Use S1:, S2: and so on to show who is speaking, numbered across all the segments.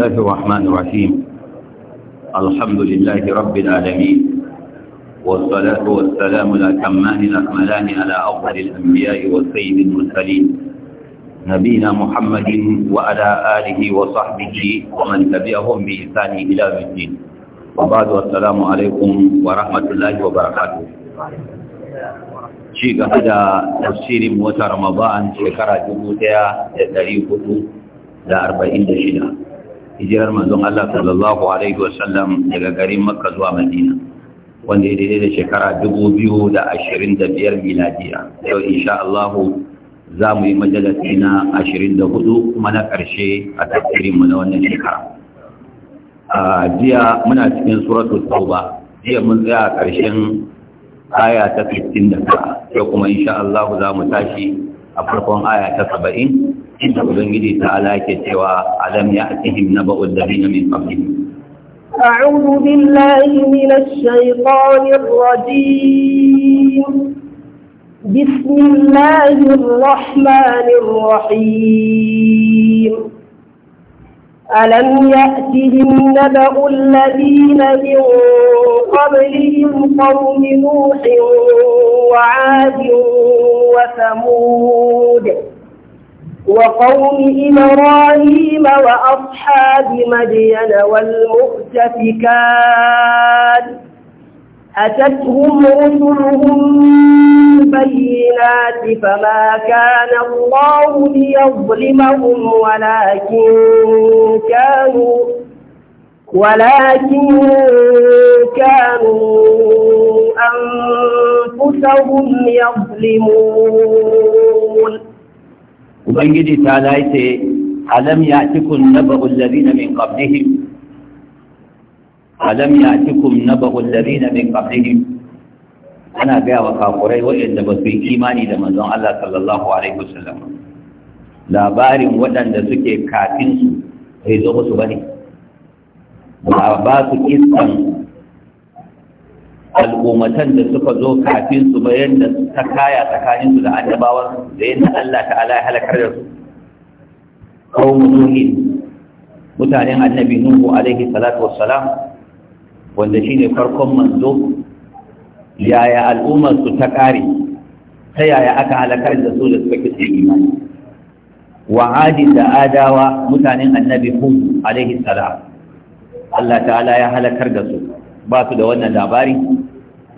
S1: الله الرحمن الرحيم الحمد لله رب العالمين والصلاة والسلام الأتمان الأكملان على أفضل الأنبياء والسيد المرسلين نبينا محمد وعلى آله وصحبه ومن تبعهم بإحسان إلى الدين وبعد والسلام عليكم ورحمة الله وبركاته ci gaba da tafsirin wata ramadan shekara shida. hijirar manzon Allah sallallahu alaihi wasallam daga garin Makka zuwa Madina wanda ya daidai da shekara 2025 miladiya yau insha Allah za mu yi majalisi na 24 kuma na ƙarshe a tafsirin mu na wannan shekara a jiya muna cikin suratu tauba jiya mun tsaya ƙarshen aya ta 59 to kuma insha Allah za mu tashi a farkon aya ta 70 إن ubangiji ta'ala yake cewa ألم يأتهم naba'ul الذين من قبلهم
S2: أعوذ بالله من الشيطان الرجيم بسم الله الرحمن الرحيم ألم يأتهم نبأ الذين من قبلهم قوم نوح وعاد وثمود وقوم إبراهيم وأصحاب مدين والمؤتفكات أتتهم رسلهم بينات فما كان الله ليظلمهم ولكن كانوا ولكن كانوا أنفسهم يظلمون
S1: ubangiji ta laice alam ya tikun naba'ul na min qablihim alam ya tikun naba'ul na min qablihim ana gaya wa kakurai waɗanda ba su yi imani da manzon Allah sallallahu alaihi wasallam labarin waɗanda suke kafin su bai zo musu ba ne ba su iskan. al'ummatan da suka zo kafin su bayan da ta kaya tsakanin su da annabawar da yadda Allah ta'ala ya halakar da su Kau nuhin mutanen annabi nuhu alaihi salatu wassalam wanda shi ne farkon manzo yaya al'ummar su ta ƙare? ta yaya aka halakar da su da suka kisa imani wa adin da adawa mutanen annabi hud alaihi salam Allah ta'ala ya halakar da su ba su da wannan labari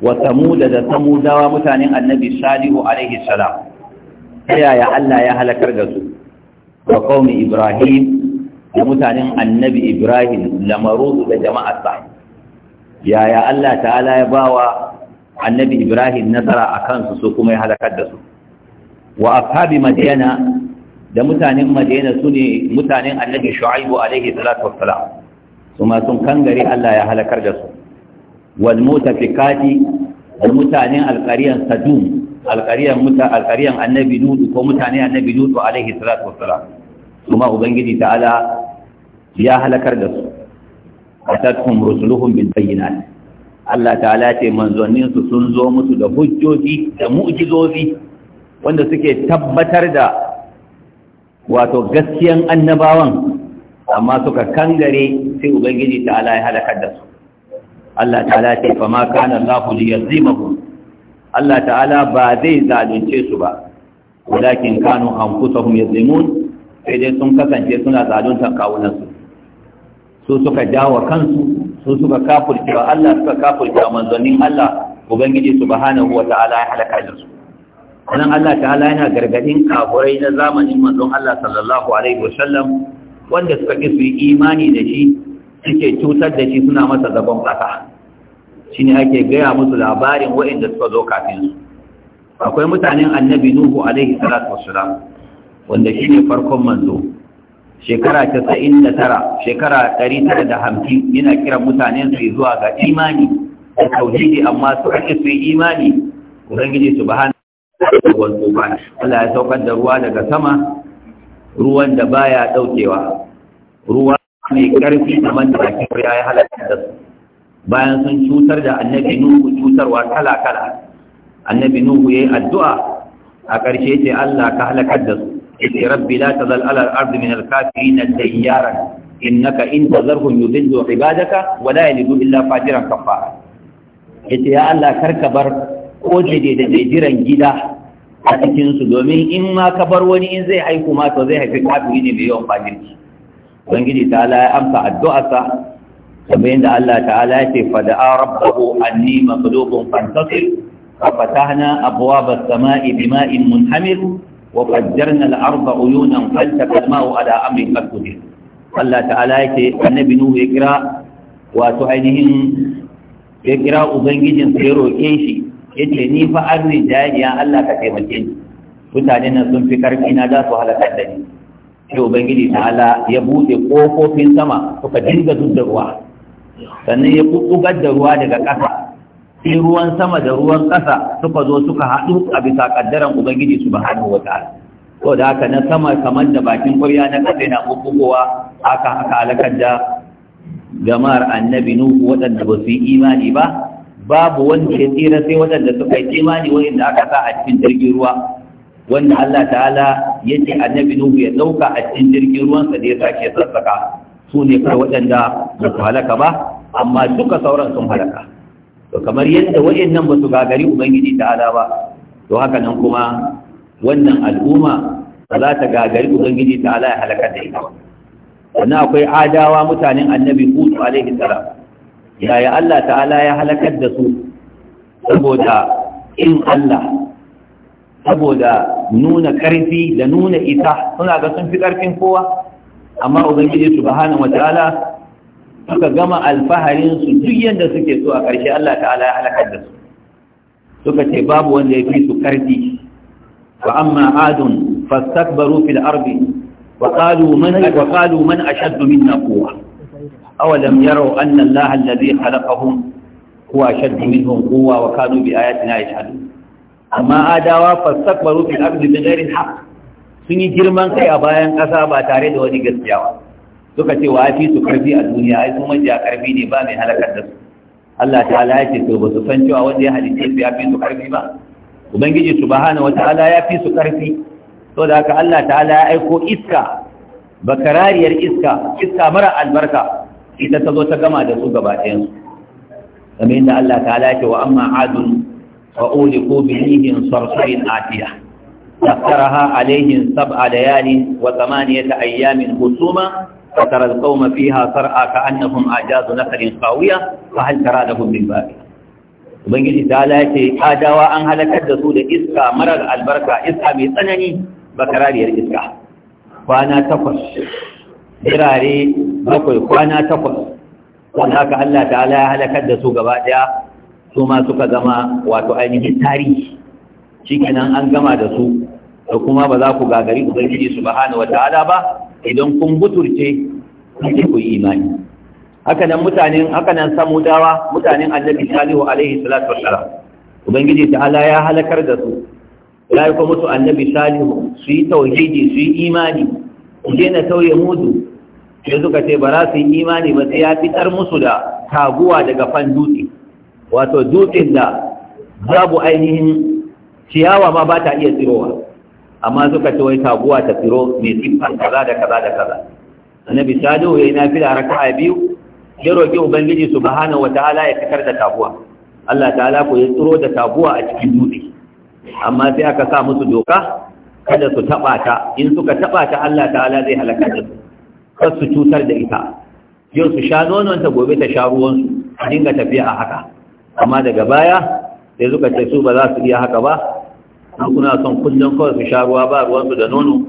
S1: wa samuda da samudawa mutanen annabi salihu alaihi salam yaya Allah ya halakar da su wa qaumi ibrahim da mutanen annabi ibrahim lamaru da jama'arsa yaya Allah ta'ala ya bawa annabi ibrahim nasara akan su su kuma ya halakar da su wa ashabi madiyana da mutanen madiyana su mutanen annabi shu'aibu alaihi salatu wassalam su ma sun kangare Allah ya halakar da su wal mutafikati da mutanen alƙariyar sadum alƙariyar annabi nudu ko mutane annabi nudu alaihi salatu wassalam kuma ubangiji ta'ala ya halakar da su atatuhum rusuluhum bil bayyinat Allah ta'ala ce manzannin sun zo musu da hujjoji da mu'jizozi wanda suke tabbatar da wato gaskiyan annabawan amma suka kangare sai ubangiji ta'ala ya halakar da su Allah ta'ala ce fa ma kana Allahu liyazimahum Allah ta'ala ba zai zalunce su ba walakin kanu anfusahum yazlimun sai dai sun kasance suna zaluntar kawunan su Su suka dawo kansu su suka kafurce wa Allah suka kafurce manzannin Allah ubangiji subhanahu Ta'ala ya halaka da su Wannan Allah ta'ala yana gargadin kafurai na zamanin manzon Allah sallallahu alaihi wasallam wanda suka ƙi su yi imani da shi suke cutar da shi suna masa zagon ƙasa shine ake gaya musu labarin waɗanda suka zo kafin su akwai mutanen annabi nuhu alaihi salatu wassalam wanda shine farkon manzo shekara casa'in da tara shekara ɗari tara da hamsin yana kiran mutanen su zuwa ga imani da tauhidi amma su ake su yi imani ubangiji su ba hana ruwan tsofa Allah ya saukar da ruwa daga sama ruwan da baya ɗaukewa ruwa mai ƙarfi kamar da ake ya halatta da su bayan sun cutar da annabi nuhu cutarwa kala-kala annabi nuhu ya yi addu'a a ƙarshe ce Allah ka halakar da su ita rabbi la ta zal'alar arzi min alkafi na in innaka in ta zarfin yuzin zuwa ibadaka wala ya lidu illa fajiran kafa ita ya Allah karka bar ko daidai da jiran gida a cikinsu domin in ma ka bar wani in zai haiku ma to zai haifi kafiri ne mai yawan fajirci ubangiji ta ala ya amsa addu'arsa kamar yadda Allah ta'ala ya ce fada'a rabbahu anni maqlubun fantasir ففتحنا أبواب السماء بماء منهمر وفجرنا الأرض عيونا فالتقى الماء على أمر قد قدر الله تعالى ainihin ya kira وتعينهم يقرأ أبنجد سيرو كيشي yace ni fa an rijajiya Allah ka taimake ni mutane nan sun fi karfi na za su halakar da ni sai ubangiji ta ala ya buɗe kofofin sama suka dinga da ruwa sannan ya kukugar da ruwa daga ƙasa sai ruwan sama da ruwan ƙasa suka zo suka haɗu a bisa ƙaddaran ubangiji subhanahu wataala to da haka na sama kamar da bakin ƙwarya na ƙasa yana kukugowa aka aka alakar da jama'ar annabi nuhu waɗanda ba su yi imani ba babu wanda ya tsira sai waɗanda suka yi imani wanda aka sa a cikin jirgin ruwa wanda Allah ta'ala ya ce annabi Nuhu ya ɗauka a cikin jirgin ruwansa da ya sake sassaka su ne kai waɗanda ba su halaka ba amma duka sauran sun halaka to kamar yadda waɗannan ba su gagari ubangiji ala ba to haka nan kuma wannan al'umma ba za ta gagari ubangiji ala ya halaka da ita sannan akwai adawa mutanen annabi hutu alaihi salam yaya Allah ta'ala ya halakar da su saboda in Allah saboda nuna karfi da nuna ita suna ga sun fi karfin kowa amma ubangiji subhanahu wataala suka gama alfaharin su duk yanda suke so a ƙarshe Allah ta'ala ya halaka da su suka ce babu wanda ya fi su karfi wa amma adun fastakbaru fil ardi wa qalu man wa qalu man ashaddu minna quwwa awalam yaraw anna allaha alladhi khalaqahum huwa ashaddu minhum quwwa wa kanu bi ayatina yajhadun amma adawa fastakbaru fil ardi bighayri haqq sun yi girman kai a bayan ƙasa ba tare da wani gaskiya ba suka ce wa fi su karfi a duniya ai su manja karfi ne ba mai halakar da su Allah ta'ala ya ce to ba su san cewa wanda ya halice su ya fi su karfi ba ubangiji subhanahu wata'ala ya fi su karfi to da haka Allah ta'ala ya aiko iska bakarariyar iska iska mara albarka ita ta zo ta gama da su gaba ɗayan su kamar yadda Allah ta'ala ya ce wa amma adun fa uliku bi rihin sarsarin atiya سخرها عليهم سبع ليال وثمانية أيام حسوما فترى القوم فيها صرعى كأنهم أعجاز نخل خاوية فهل ترى لهم من باقي ubangiji ta lace adawa an halakar da su da iska marar albarka iska mai tsanani bakarariyar iska kwana takwas birare bakwai kwana takwas wanda haka Allah ta'ala ya halakar da su gaba su ma suka zama wato ainihin tarihi shikenan an gama da su da kuma ba za ku gagari ubangiji subhanahu wataala ba idan kun buturce kuke ku imani haka nan mutanen haka nan samudawa mutanen annabi salihu alaihi salatu wassalam ubangiji ta'ala ya halakar da su ya yi musu annabi salihu su yi tauhidi su yi imani ku daina tauye mudu sai suka ce ba za su yi imani ba sai ya fitar musu da taguwa daga fan dutse wato dutsen da babu ainihin ciyawa ma ba ta iya tsirowa amma suka ce wai taguwa ta firo mai siffan kaza da kaza da kaza annabi salihu yayi nafila raka'a biyu ya roki ubangiji subhanahu ta'ala ya fitar da taguwa Allah ta'ala ko ya tsiro da taguwa a cikin dutse amma sai aka sa musu doka kada su taba ta in suka taba ta Allah ta'ala zai halaka da su kar su cutar da ita yau su sha nonon ta gobe ta sha ruwansu. su dinga tafiya a haka amma daga baya sai suka ce su ba za su iya haka ba an kuna son kullum kawai su sha ruwa ba ruwansu da nono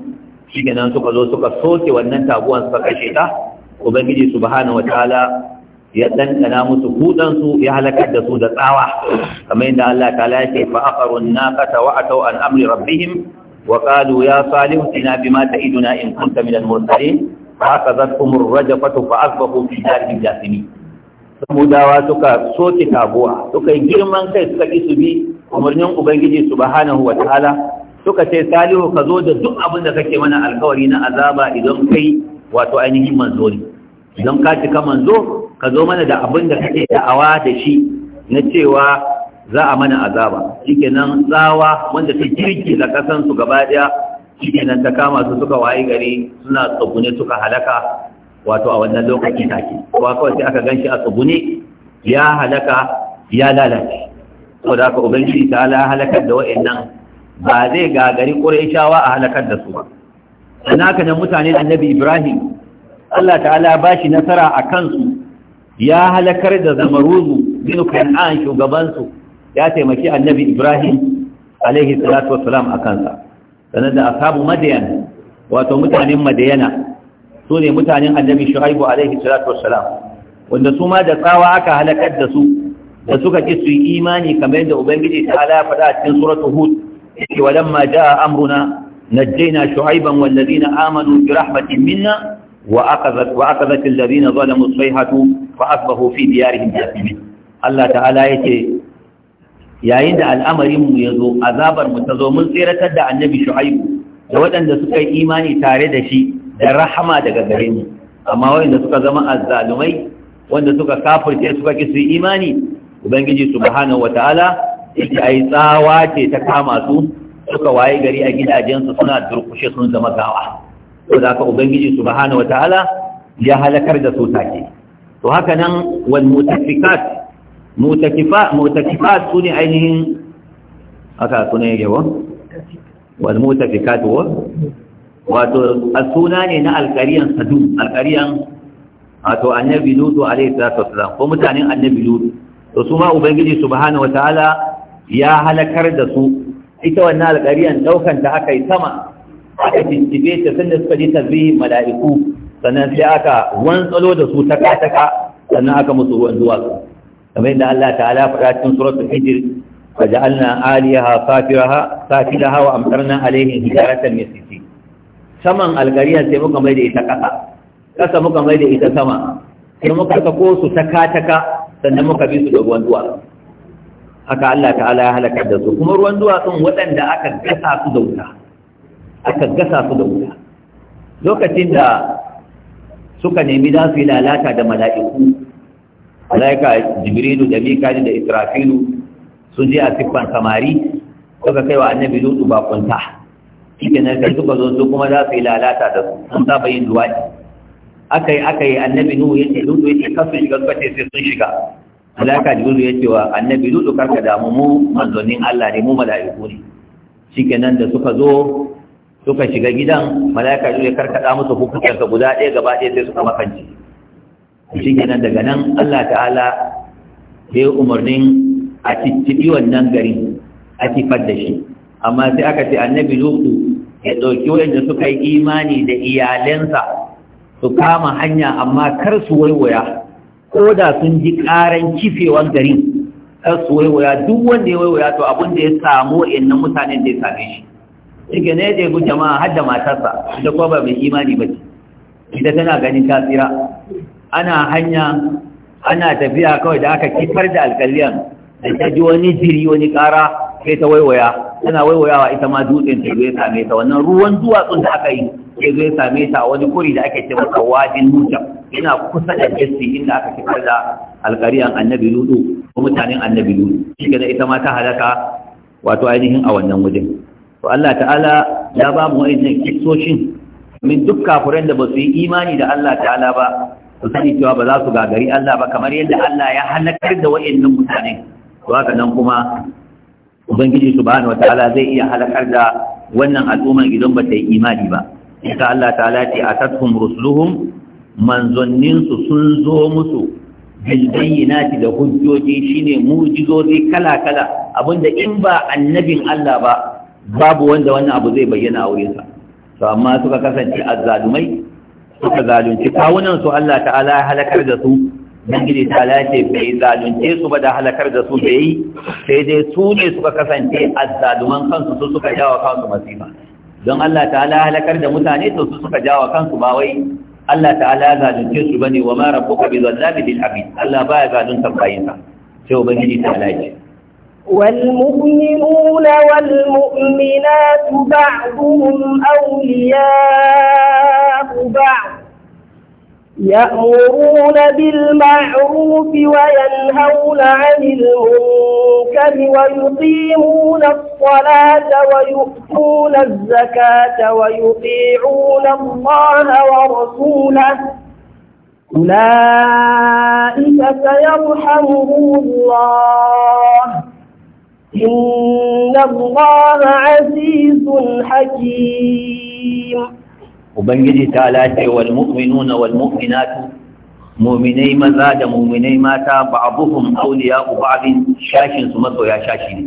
S1: shi suka zo suka soke wannan taguwan suka kashe ta ubangiji subhanahu wataala ya ɗanɗana musu kudansu ya halakar da su da tsawa kamar yadda Allah ta ya ce fa aqarun naqata wa ataw an amri rabbihim wa qalu ya salihu ma ta iduna in kunta min al-mursalin fa akazatkum ar-rajfatu fa asbahu fi darihim jasimi samudawa suka soke tabuwa? suka yi girman kai suka ki su bi umarnin ubangiji subhanahu wataala suka ce salihu ka zo da duk abin da kake mana alkawari na azaba idan kai wato ainihin manzo ne idan ka cika manzo ka zo mana da abin da kake da'awa da shi na cewa za a mana azaba shikenan tsawa wanda ta kirki da kasan su gaba daya shikenan ta kama su suka wayi gari suna tsugune suka halaka wato a wannan lokaci take kowa kawai sai aka ganshi a tsugune ya halaka ya lalace saboda haka ubangiji ta ala halakar da wa'annan ba zai gagari quraishawa a halakar da su ba sannan haka nan mutanen annabi ibrahim Allah ta'ala ba shi nasara a kansu ya halakar da zamaruzu bin kan'an shugabansu ya taimaki annabi ibrahim alaihi salatu wassalam a kansa sannan da asabu madayan wato mutanen madayana su ne mutanen annabi shu'aibu alaihi salatu wassalam wanda su ma da tsawa aka halakar da su da suka ki su imani kamar yadda ubangiji ta ala faɗa a cikin suratul hud yake walamma jaa amruna najjayna shu'ayban wal ladina amanu bi rahmatin minna wa aqazat wa aqazat alladhina zalamu sayhatu fa asbahu fi diyarihim jathimin Allah ta'ala yake yayin da al'amarin mu yazo azabar mu ta zo mun tsiratar da annabi shu'ayb da waɗanda suka yi imani tare da shi da rahama daga gare mu amma waɗanda suka zama azzalumai wanda suka kafirce suka ki su imani ubangiji subhanahu wataala a yi tsawa ce ta kama su suka waye gari a gidajensu suna durkushe sun zama gawa to da haka ubangiji subhanahu wataala ya halakar da su take to haka nan wal mutafikat mutakifa mutakifa sune ainihin Haka sune yake wa wal mutafikat wa wato a suna ne na alkariyan sadu alkariyan wato annabi lutu alaihi salatu wasalam ko mutanen annabi lutu to su ma ubangiji subhanahu wataala ya halakar da su ita wannan alƙariyan ɗaukan ta aka yi sama aka cincibe ta sanda suka ji tasbihin mala'iku sannan sai aka wantsalo da su taka taka sannan aka musu ruwan zuwa kamar yadda Allah ta'ala faɗa cikin suratul hijr فجعلنا آليها سافرها سافلها وأمطرنا عليهم حجارة من سجيل saman algariya sai muka mai da ita ƙasa ƙasa muka mai da ita sama sai muka ko su taka taka sannan muka bi su da ruwan duwa. haka Allah ta'ala ya halakar da su kuma ruwan duwa sun, waɗanda aka gasa su da wuta aka gasa su da wuta lokacin da suka nemi za su yi lalata da mala'iku malaika jibrilu da mikali da israfilu sun je a siffan samari suka kai wa annabi lutu bakunta shi ke nan sai suka zo su kuma za su yi lalata da su sun saba yin duwatsu aka yi aka yi annabi nuhu ya ce lutu ya ce kasu shiga suka ce sai sun shiga malaka jibril ya ce wa annabi lutu karka damu mu manzonin Allah ne mu mala'iku ne shikenan da suka zo suka shiga gidan malaka jibril ya da musu hukuncin ka guda ɗaya gaba ɗaya sai suka makance shikenan daga nan Allah ta'ala ya yi umarnin a cicciɓi wannan garin a tifar da shi amma sai aka ce annabi lutu ya ɗauki wanda suka yi imani da iyalensa su kama hanya amma kar su waiwaya ko da sun ji karan kifewan garin kar su waiwaya duk wanda ya waiwaya to abin da ya samu innan mutanen da ya same shi shige ne da yabi jama'a har da matarsa da kuma ba mai imani ba ce ita tana ganin tsira ana hanya ana tafiya kawai da aka kifar da alƙaliyan da ta ji wani jiri wani ƙara sai ta waiwaya tana waiwayawa ita ma dutsen ta zai same ta wannan ruwan duwatsun da aka yi ya zai same ta a wani kuri da ake ce masa wajin nuta yana kusa da jesse inda aka kifar da alkariyan annabi ludu ko mutanen annabi ludu shi ita ma ta halaka wato ainihin a wannan wajen to Allah ta'ala ya ba mu wa'annan kisoshin min duk kafiran da ba su yi imani da Allah ta'ala ba su sani cewa ba za su gagari Allah ba kamar yadda Allah ya halakar da wa'annan mutane to haka nan kuma ubangiji subhanahu ta'ala zai iya halakar da wannan al'ummar idan ba ta yi imani ba insha Allah ta'ala ce a rusuluhum manzannin su sun zo musu bil bayyinati da hujjoji shine mu'jizozi kala kala abinda in ba annabin Allah ba babu wanda wannan abu zai bayyana a wurinsa to amma suka kasance azzalumai suka zalunci kawunan su Allah ta'ala ya halakar da su ubangiji ta lace bai zalunce su ba da halakar da su bai yi sai dai su ne suka kasance azzaluman kansu su suka jawa kansu masifa don Allah ta'ala halakar da mutane to su suka jawa kansu ba wai Allah ta'ala zalunce su ba ne wa ma rabbuka bi zallabi lil abin Allah baya zalunta bayinsa sai ubangiji ta
S2: lace والمؤمنون والمؤمنات بعضهم أولياء بعض يأمرون بالمعروف وينهون عن المنكر ويقيمون الصلاة ويؤتون الزكاة ويطيعون الله ورسوله أولئك سيرحمهم الله إن الله عزيز حكيم
S1: ubangiji ta lace wal mu'minuna wal mu'minatu mu'minai maza da mu'minai mata ba'abuhum awliya ba'din shashin su ya shashi ne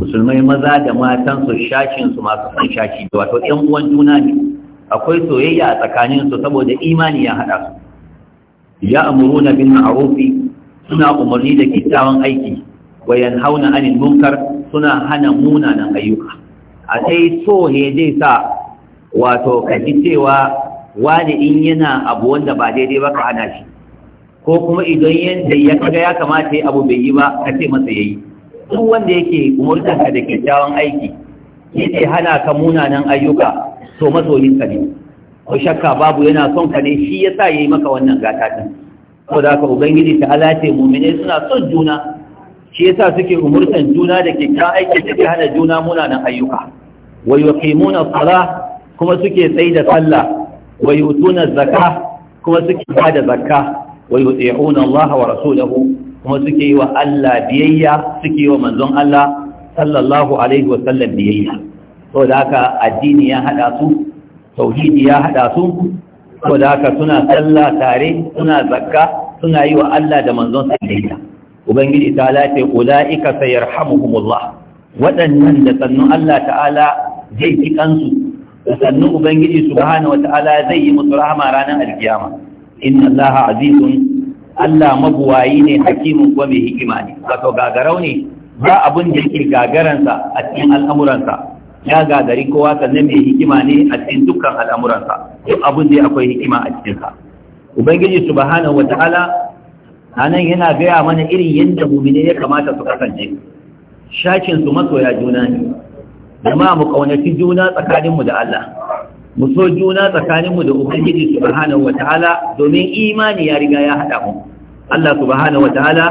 S1: musulmai maza da matan su shashin su masu san shashi wato ƴan uwan juna ne akwai soyayya a tsakanin su saboda imani ya hada su ya amuruna bil ma'ruf suna umarni da kyakkyawan aiki wayan hauna anil munkar suna hana munanan ayyuka a sai so he dai sa wato ka ji cewa wani in yana abu wanda ba daidai ba ka hana shi ko kuma idan yanda ya kaga ya kamata ya abu bai yi ba ka ce masa yayi duk wanda yake ka da kyakkyawan aiki yake hana ka munanan ayyuka to ka ne ko shakka babu yana son ka ne shi yasa yayi maka wannan gata din saboda haka ubangiji ta alace mu'mine suna son juna shi yasa suke umurtan juna da kyakkyawan aiki da hana juna munanan ayyuka wa yuqimuna as kuma suke tsaye da sallah wa yutuna zakka kuma suke ba da zakka wa yuti'una Allah wa rasulahu kuma suke yi wa Allah biyayya suke yi wa manzon Allah sallallahu alaihi wa sallam biyayya saboda haka addini ya hada su tauhidi ya hada su da haka suna sallah tare suna zakka suna yi wa Allah da manzon sa biyayya ubangiji ta lafe ulaika sayarhamuhumullah waɗannan da sannu Allah ta'ala zai ji kansu sannu ubangiji subhanahu wataala zai yi musu rahama ranar alkiyama inna allaha azizun allah mabuwayi ne hakimin kuma mai hikima ne wato gagarau ne ba abin da yake gagaransa a cikin al'amuransa ya gagari kowa sannan mai hikima ne a cikin dukkan al'amuransa duk abin da akwai hikima a cikinsa ubangiji subhanahu wataala anan yana gaya mana irin yadda mumine ya kamata su kasance shakin su masoya juna ne jama'a mu kaunaci juna tsakaninmu da Allah mu so juna tsakaninmu da ubangiji subhanahu wataala domin imani ya riga ya hada mu Allah subhanahu wataala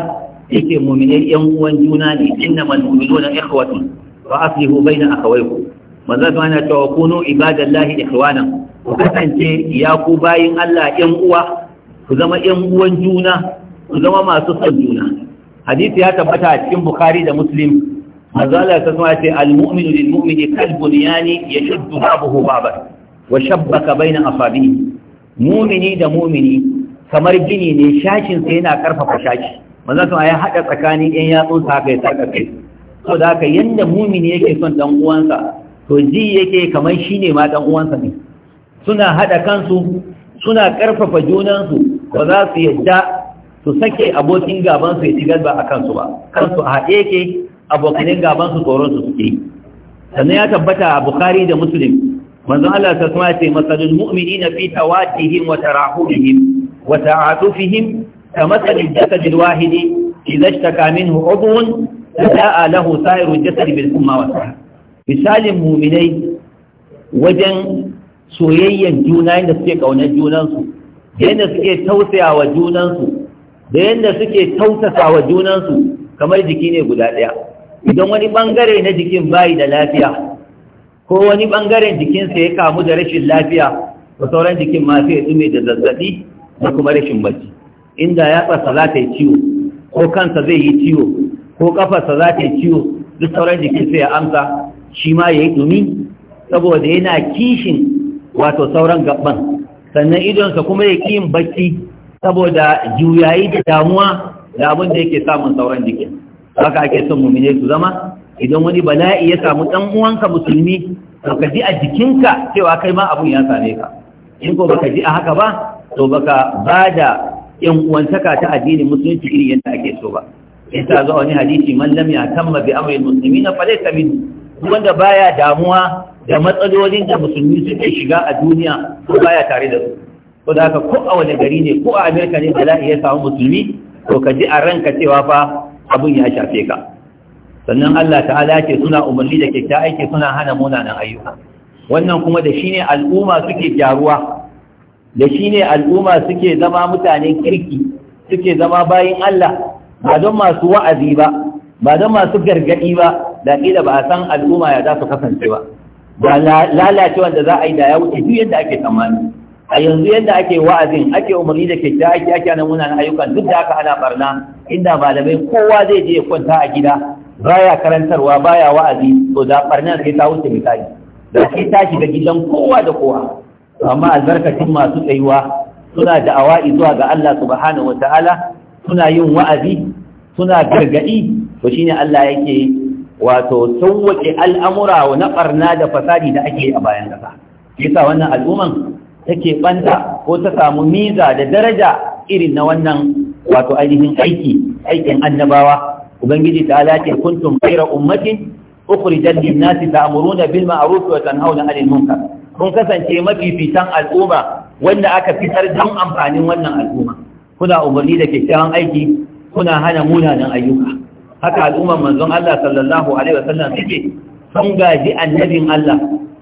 S1: yake mu'minai yan uwan juna ne innamal mu'minuna ikhwatun wa aslihu baina akhawaykum manzo ta ana cewa kunu ibadallahi ikhwanan ku kasance ya ku bayin Allah yan uwa ku zama yan uwan juna ku zama masu son juna hadisi ya tabbata a cikin bukhari da muslim mazala ta zuwa ce almu'minu lil mu'mini kal bunyani yashuddu ba'dahu ba'dan wa shabbaka baina asabihi mu'mini da mu'mini kamar gini ne shakin sa yana karfafa shashi manzo ta ya hada tsakanin yan yatsun sa kai sarka kai to da haka yanda mu'mini yake son dan uwansa to ji yake kamar shine ma dan uwansa ne suna hada kansu suna karfafa junansu ba za su yadda su sake abokin gaban su ya ci galba a kansu ba kansu a haɗe yake abokanin gaban su tsoron su suke sannan ya tabbata a bukhari da muslim manzon Allah ta kuma ce masalul mu'minina fi tawadihim wa tarahumihim wa ta'atufihim kamasalil jasadil wahidi idza ishtaka minhu udhun ta'a lahu sa'iru jasadi bil umma wa sa'a misalin mu'minai wajen soyayyen juna yadda suke kaunar junansu yadda suke tausayawa wa junansu da yadda suke tausasa wa junansu kamar jiki ne guda ɗaya idan wani bangare na jikin bayi da lafiya ko wani bangaren jikinsa ya kamu da rashin lafiya da sauran jikin ma sai ya tsume da zazzabi da kuma rashin bacci inda ya yatsarsa za ta yi ciwo ko kansa zai yi ciwo ko kafarsa za ta yi ciwo duk sauran jikin sai ya amsa shi ma ya yi dumi saboda yana kishin wato sauran gaban sannan idonsa kuma ya ƙi yin bacci saboda juyayi da damuwa da abin da yake samun sauran jikin haka ake son mumine su zama idan wani bala'i ya samu dan uwanka musulmi to ka ji a jikinka cewa kai ma abun ya same ka in ko baka ji a haka ba to baka bada yan uwantaka ta addinin musulunci iri yadda ake so ba in ta zo wani hadisi man lam yatamma bi amri muslimina fa laysa min wanda baya damuwa da matsalolin da musulmi suke shiga a duniya ko baya tare da su ko da haka ko a wani gari ne ko a Amerika ne bala'i ya samu musulmi to ka ji a ranka cewa fa abin ya shafe ka sannan Allah ta'ala ce suna umarni da kyakta aiki suna hana munanan ayyuka wannan kuma da shi ne al'umma suke gyaruwa da shi ne al'umma suke zama mutanen kirki suke zama bayin Allah ba don masu wa'azi ba ba don masu gargadi ba da kila ba a san al'umma ya za su kasance ba ba lalacewa da za a yi da ya wuce duk yadda ake tsammani a yanzu yadda ake wa'azin ake umarni da kyakkyawa, ake ake nan munanan ayyukan duk da aka ana barna inda malamai kowa zai je kwanta a gida baya karantarwa baya wa'azi to da barnan sai ta wuce misali da shi ta shiga gidan kowa da kowa amma albarkatin masu tsayuwa suna da awa'i zuwa ga Allah subhanahu wataala suna yin wa'azi suna gargadi to shine Allah yake wato sauwake al'amura na barna da fasadi da ake a bayan kasa yasa wannan al'umman take banta ko ta samu miza da daraja irin na wannan wato ainihin aiki aikin annabawa ubangiji ta alaƙe kuntum khayra ummatin ukhrijat lin-nasi ta'muruna bil ma'ruf wa tanhauna 'anil munkar kun kasance mafifitan al'umma wanda aka fitar don amfanin wannan al'umma kuna umarni da kyakkyawan aiki kuna hana munanan ayyuka haka al'ummar manzon Allah sallallahu alaihi wasallam suke sun gaji annabin Allah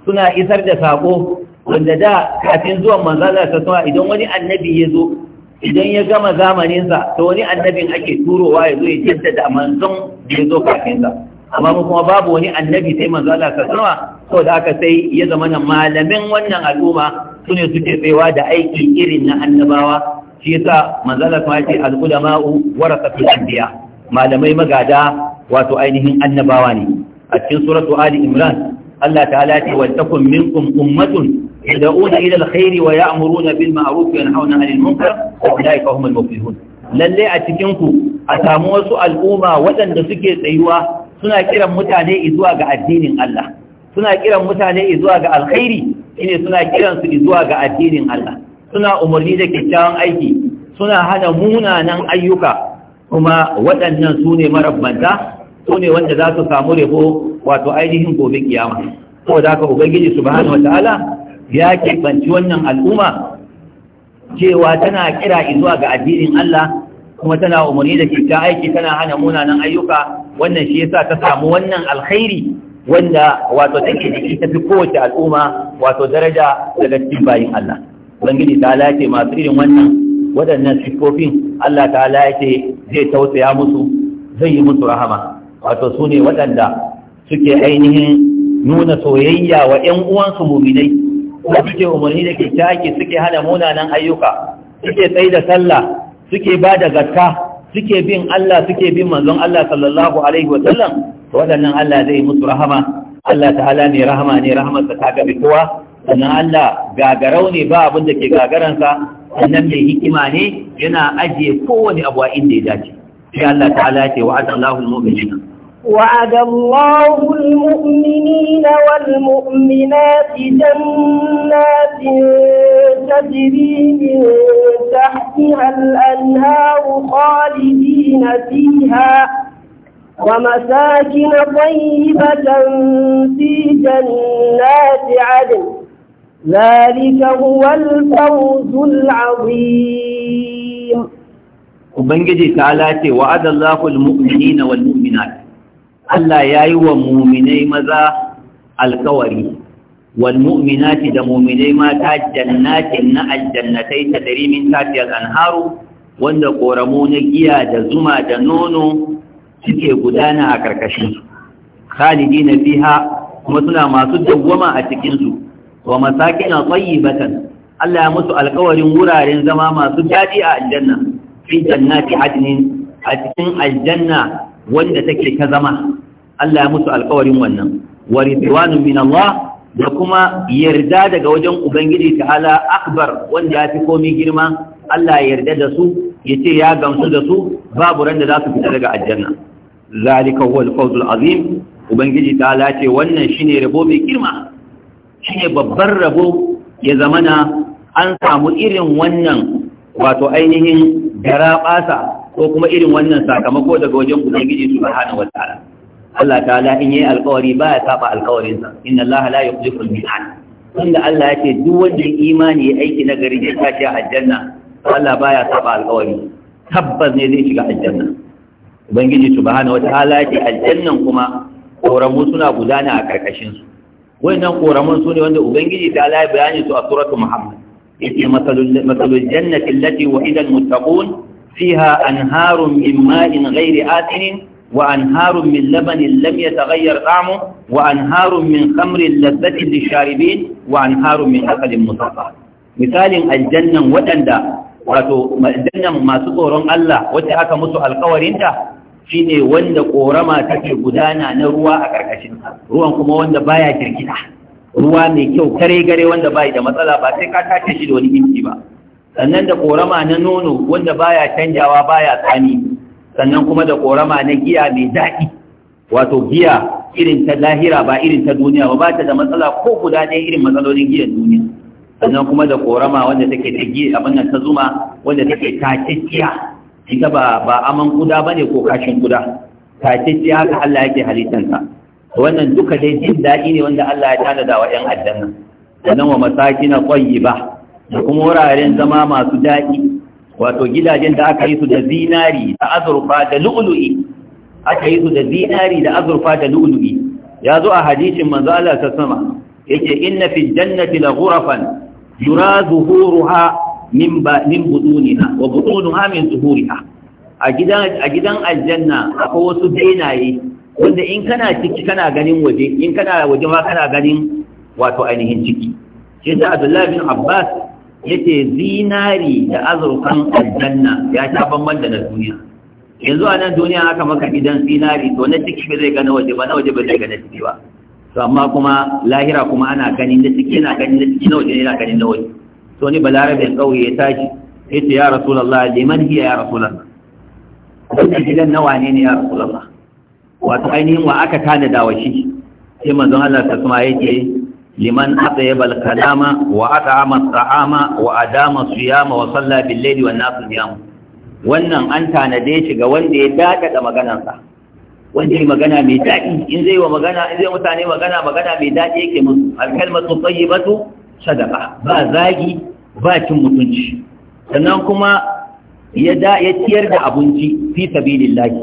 S1: suna isar da sako wanda da kafin zuwan manzon Allah sallallahu alaihi idan wani annabi ya zo idan ya gama zamaninsa to wani annabin ake turowa ya zo ya jaddada manzon da ya zo kafinsa amma mu kuma babu wani annabi sai manzo Allah sallama to da aka sai ya zama nan malamin wannan al'umma sune suke tsayawa da aiki irin na annabawa shi yasa manzo Allah ya ce al-ulama'u warasatul anbiya malamai magada wato ainihin annabawa ne a cikin suratu ali imran Allah ta'ala ce wal takum minkum ummatun yad'una ila alkhairi wa ya'muruna bil ma'ruf wa yanhauna 'anil munkar ulaika humul muflihun lalle a cikin ku a samu wasu al'umma waɗanda suke tsayuwa suna kiran mutane zuwa ga addinin Allah suna kiran mutane zuwa ga alkhairi shine suna kiran su zuwa ga addinin Allah suna umarni da kyakkyawan aiki suna hana munanan ayyuka kuma waɗannan su ne marabbanta su ne wanda za su samu rebo wato ainihin gobe kiyama ko da ka ubangiji subhanahu wataala ya kebanci wannan al'umma cewa tana kira zuwa ga addinin Allah kuma tana umarni da kyakkyawar aiki tana hana munanan ayyuka wannan shi yasa ta samu wannan alkhairi wanda wato take jiki ita fi kowace al'umma wato daraja daga cikin bayin Allah ubangiji ta lace masu irin wannan waɗannan sifofin Allah ta lace zai tausaya musu zai yi musu rahama wato su ne waɗanda suke ainihin nuna soyayya wa ‘yan uwansu muminai kuma suke umarni da ke taki suke hana munanan ayyuka suke tsaye da sallah suke ba da zakka suke bin Allah suke bin manzon Allah sallallahu alaihi wa sallam waɗannan Allah zai musu rahama Allah ta'ala ne rahama ne rahamarsa ta gabe kowa sannan Allah gagarau ne ba abin da ke gagaransa sannan mai hikima ne yana ajiye kowane abu a inda ya dace sai Allah ta'ala ce ce lahu
S2: al-mu'minina وعد الله المؤمنين والمؤمنات جنات تجري من تحتها الأنهار خالدين فيها ومساكن طيبة في جنات عدن ذلك هو الفوز العظيم
S1: وبنجي تعالى وعد الله المؤمنين والمؤمنات Allah ya yi wa muminai maza alkawari wal mu'minati da muminai mata jannatin na aljannatai ta dari min tafiyar anharu wanda ƙoramu na giya da zuma da nono suke gudana a su. khalidi na fiha kuma suna masu dawwama a cikinsu wa masakin a batan. Allah ya musu alkawarin wuraren zama masu daɗi a aljanna fi jannati adnin a cikin aljanna wanda take ta zama Allah ya musu alƙawarin wannan wa ridwanun min Allah da kuma yarda daga wajen ubangiji ta'ala akbar wanda ya fi komai girma Allah ya yarda da su yace ya gamsu da su babu ran da za su fita daga aljanna zalika huwa al azim ubangiji ce wannan shine rabo mai girma shine babbar rabo ya zamana an samu irin wannan wato ainihin garabasa ko kuma irin wannan sakamako daga wajen ubangiji subhanahu wataala Allah ta'ala in yi alkawari ba ya saba alkawarinsa inna Allah la yukhlifu al-mi'ad tunda Allah ya ce duk wanda ya imani ya aiki na gari zai tashi a aljanna Allah baya saba alkawari tabbas ne zai shiga aljanna ubangiji subhanahu wataala ya ce aljannan kuma koramu suna gudana a karkashin su wayannan su ne wanda ubangiji ta Allah ya bayani su a suratu Muhammad yace masalul jannati allati wa'ida al-muttaqun fiha anharun min ma'in ghairi atinin وأنهار من لبن لم يتغير طعمه وأنهار من خمر لذة للشاربين وأنهار من أكل مصفى مثال الجنة وتندى wato aljannan masu tsoron Allah wacce aka musu alkawarinta shine wanda korama take gudana na ruwa a karkashin ruwan kuma wanda baya kirkita ruwa mai kyau kare gare wanda bai da matsala ba sai ka tace shi da wani inci ba sannan da ƙorama na nono wanda baya canjawa baya tsani sannan kuma da korama na giya mai daɗi wato giya irin ta lahira ba irin ta duniya ba ba ta da matsala ko guda ɗaya irin matsalolin giyan duniya sannan kuma da korama wanda take ta giya abin nan ta zuma wanda take takakkiya ita ba ba aman kuda bane ko kashin guda. kuda takakkiya haka Allah yake halittansa wannan duka dai jin daɗi ne wanda Allah ya tanada wa ƴan addana sannan wa masakina ba da kuma wuraren zama masu daɗi wato gidajen da aka yi su da zinari da azurfa da lu'lu'i aka yi su da zinari da azurfa da lu'lu'i ya zo a hadisin manzo Allah ta sama yake inna fi jannati la ghurafan yura zuhuruha min ba min buduniha wa budunuha min zuhuriha a gidan a gidan aljanna akwai wasu benaye wanda in kana ciki kana ganin waje in kana waje ma kana ganin wato ainihin ciki shi sa Abdullah bin Abbas yace zinari da azurfan aljanna ya ta bamban da na duniya yanzu a nan duniya aka maka idan zinari to na ciki ba zai gane waje ba na waje ba zai gane ciki ba to amma kuma lahira kuma ana ganin na ciki yana ganin na ciki na waje yana ganin na waje to ni balarabin kauye ya tashi yace ya rasulullah liman hiya ya rasulullah wannan gidan nawa ne ne ya rasulullah wato ainihin wa aka tanada wa shi sai manzon Allah ta kuma yake liman atyaba al-kalama wa at'ama at-ta'ama wa adama siyama wa salla bil-layli wan nas niyam wannan an tanade shi ga wanda ya dace da maganarsa wanda ya magana mai daɗi in zai wa magana in zai mutane magana magana mai daɗi yake musu al-kalmatu tayyibatu sadaqa ba zagi ba cin mutunci sannan kuma ya da ya ciyar da abinci fi sabilillahi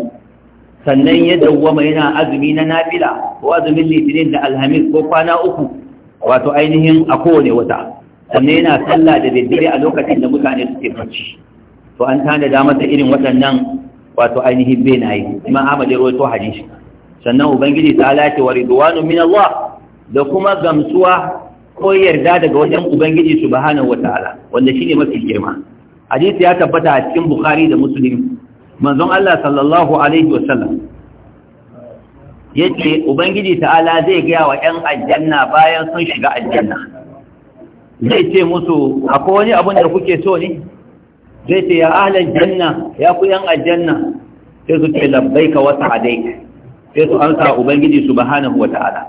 S1: sannan ya dawwama yana azumi na nafila ko azumin litinin da alhamis ko kwana uku wato ainihin a kowane wata sannan yana sallah da daddare a lokacin da mutane suke bacci to an tanada masa irin waɗannan wato ainihin benaye imam ahmad ya rawaito hadisi sannan ubangiji ta lati wa ridwanu min Allah da kuma gamsuwa ko yarda daga wajen ubangiji subhanahu wataala wanda shine mafi girma hadisi ya tabbata a cikin bukhari da muslim manzon Allah sallallahu alaihi wasallam yace ubangiji ta'ala zai gaya wa 'yan aljanna bayan sun shiga aljanna zai ce musu akwai wani abin da kuke so ne zai ce ya ahlal janna ya ku 'yan aljanna sai su ce labbaika wa sa'adaik sai su amsa ubangiji subhanahu wa ta'ala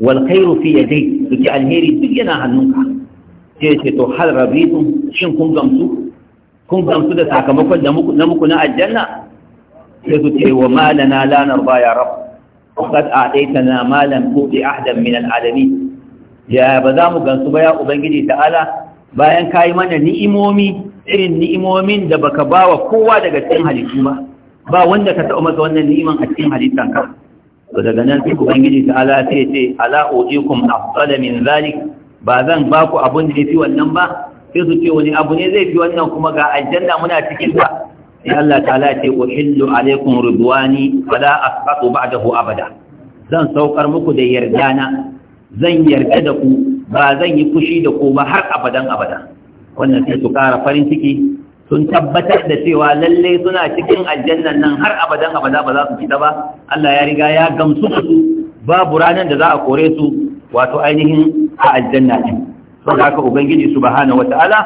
S1: wal khairu fi yadayk su ce alheri duk yana hannunka sai ce to hal rabitum shin kun gamsu kun gamsu da sakamakon na muku na aljanna sai su ce wa malana lanar narda ya rabb وقد أعطيتنا مالا تؤتي أحدا من العالمين يا بزام كان سبيا أبنجي تعالى bayan ka yi mana ni'imomi irin ni'imomin da baka ba wa kowa daga cikin halittu ba ba wanda ka taɓa maka wannan ni'iman a cikin ka. to daga nan sai ubangiji ta ala sai ce ala ujikum afdala min zalik ba zan ba ku abun da fi wannan ba sai su ce wani abu ne zai fi wannan kuma ga aljanna muna cikin ta sai Allah ta'ala ya ce uhillu alaikum ridwani fala asqatu ba'dahu abada zan saukar muku da yarda na zan yarda da ku ba zan yi fushi da ku ba har abadan abada wannan sai su kara farin ciki sun tabbatar da cewa lalle suna cikin aljannan nan har abadan abada ba za su fita ba Allah ya riga ya gamsu da su babu ranar da za a kore su wato ainihin a aljanna din saboda haka ubangiji subhanahu wataala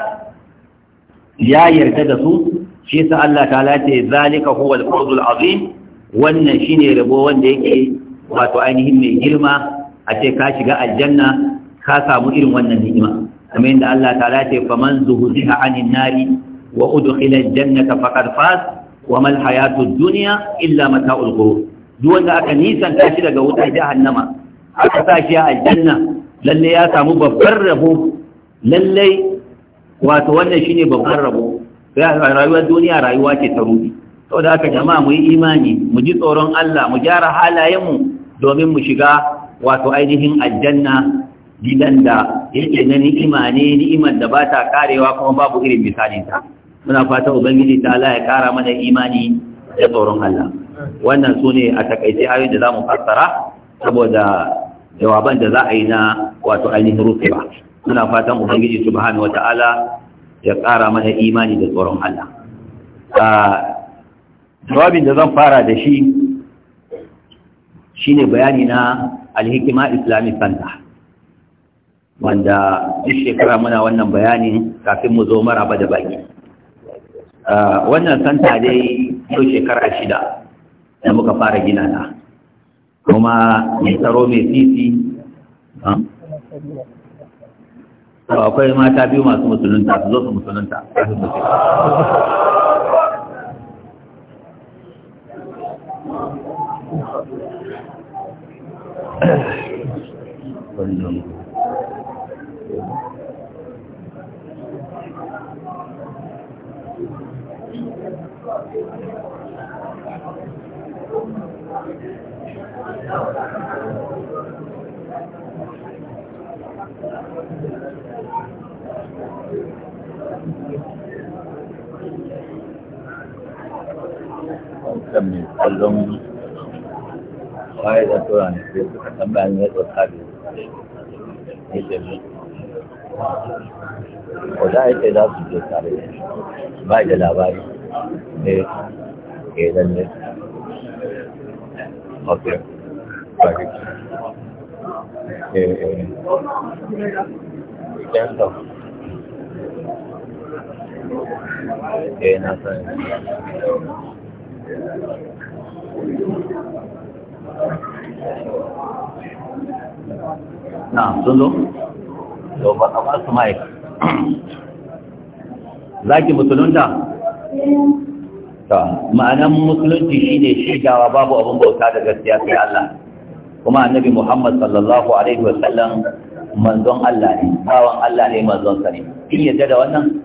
S1: ya yarda da su shi yasa Allah ta'ala ce zalika huwal fawzul azim wannan shine rabo wanda yake wato ainihin mai girma a ce ka shiga aljanna ka samu irin wannan ni'ima kamar yadda Allah ta'ala ce faman zuhuziha anin nari wa udkhila aljannata faqad faz wa mal hayatu dunya illa mata'ul ghurur duk wanda aka nisanta shi daga wutar jahannama aka sa shi a aljanna lalle ya samu babbar rabo lalle wato wannan shine babbar rabo rayuwar duniya rayuwa ce ta sau saboda haka jama'a mu yi imani mu ji tsoron Allah mu gyara halayenmu domin mu shiga wato ainihin aljanna gidan da yake na ni'ima ne ni'imar da ba ta karewa kuma babu irin ta muna fata ubangiji ta Allah ya kara mana imani da tsoron Allah wannan sune a takaice ayoyin da za mu fassara saboda jawaban da za a yi na wato ainihin rufe ba muna fatan ubangiji subhanahu wata'ala ya ƙara mana imani da tsoron Allah jawabin da zan fara da shi shi ne bayani na alhikima islami center wanda duk shekara muna wannan bayani kafin mu zo maraba da baki wannan santa dai yau shekara shida da muka fara gina na kuma mai tsaro mai sisi to akwai mata biyu masu musulunta su zo su musulunta
S3: Thank you. kan mai kallon waye da
S1: tura ne sai suka tambaya ne ya tsaka da
S3: yake ne ko da yake za su je tare da ba da labari ne eh, ke eh, nan ne
S1: ok bari
S3: eh
S1: na san na zo to ba a ba ma'aikata za musulunta? ta ma'anan musulunci shi ne shaidawa babu abin bauta da gaskiya sai Allah kuma annabi Muhammad sallallahu alaihi wasallam manzon Allah ne bawan Allah ne manzon sa ne kin yadda da wannan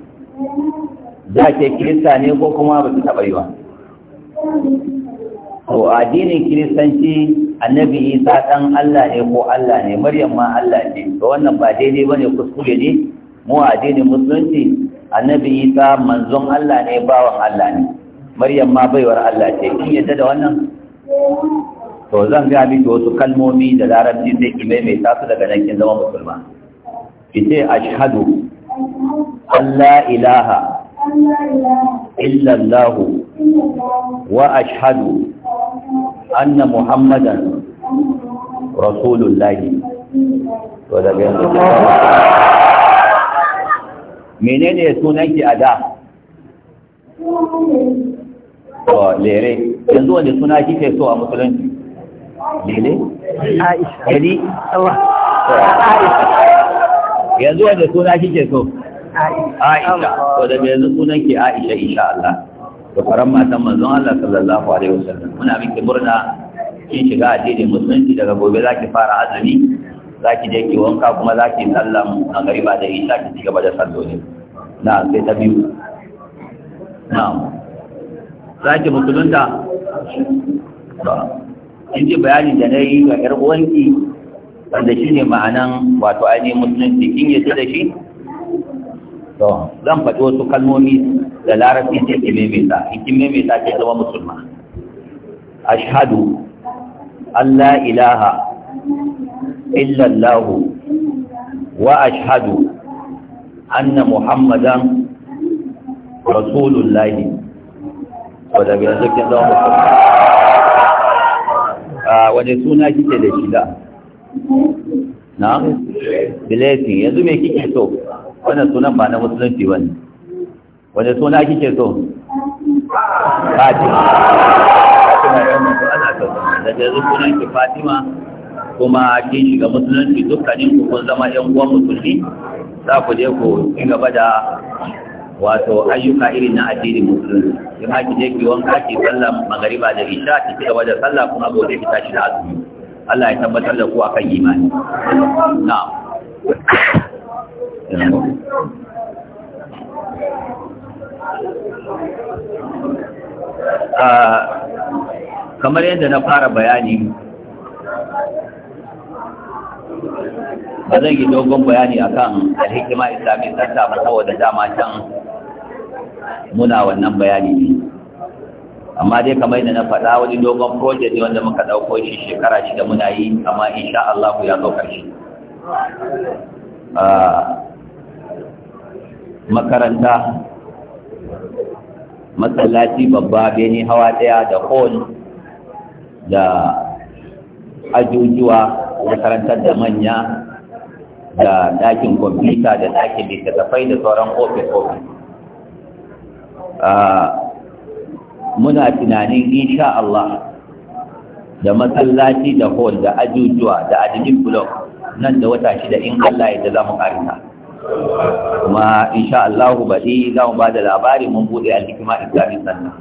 S1: za ke kirista ne ko kuma ba su taɓa yi ba to addinin kiristanci annabi isa ɗan allah ne ko allah ne maryam ma allah ne to wannan ba daidai ba ne kuskure ne mu addinin musulunci annabi isa manzon allah ne bawan allah ne maryam ma baiwar allah ce kin yadda da wannan to zan ga miki wasu kalmomi da larabci sai ki maimaita su daga nan kin zama musulma ki ce ashhadu Allah ilaha
S3: illallahu wa ashhadu anna muhammadan rasulullahi to daga yanzu menene
S1: sunanki a da to lere yanzu wanda suna kike so a musulunci lele aisha yanzu wanda suna kike so
S2: Aisha to da yanzu sunan
S1: ki Aisha insha Allah da faran matan manzon Allah sallallahu alaihi wasallam muna miki murna kin shiga addinin musulunci daga gobe za ki fara azumi za ki je ki wanka kuma zaki sallam a gariba da Isha ki ci gaba da salloli na sai ta biyu Za ki musulunta in ji bayanin da na yi ga 'yar uwanki wanda shi ne ma'anan wato ainihin musulunci in yi su da shi to zan faɗi wasu kalmomi da larabci ce ki maimaita in ki maimaita zama musulma ashhadu Allah ilaha
S3: illa wa ashhadu
S1: anna muhammadan rasulullah wa da biyar zukin zama musulma ah, wane suna kike da shida na bilesin yanzu me kike so wannan sunan ba na musulunci ba ne wanda suna kike so
S3: fatima fatima ya mutu ana so da ke yanzu sunan
S1: ki fatima kuma kin shiga musulunci dukkanin ku kun zama yan uwan musulmi za ku je ku ci gaba da wato ayyuka irin na addinin musulunci in haki je ki wanka ki sallah magariba da isha ki ci gaba da sallah kuma gobe ki tashi da azumi Allah ya tabbatar da ku akan imani na'am
S3: Ah, kamar yadda na fara
S1: bayani ba
S3: zan yi dogon
S1: bayani akan alhikima islami sassa ba saboda dama can muna wannan bayani ne amma dai kamar yadda na faɗa wani dogon project ne wanda muka ɗauko shi shekara shi da muna yi amma insha Allah ya zo ƙarshe
S3: ah,
S1: makaranta masallaci babba bene hawa ɗaya da hall da ajujuwa makarantar da manya da ɗakin kwamfuta da ɗakin littattafai da sauran ofis-ofis muna tunanin insha Allah da masallaci da hall da ajujuwa da adinin block nan da wata shida in Allah ya da za mu kuma insha Allah baɗi za mu ba da labari mun buɗe a hikima islamic sannan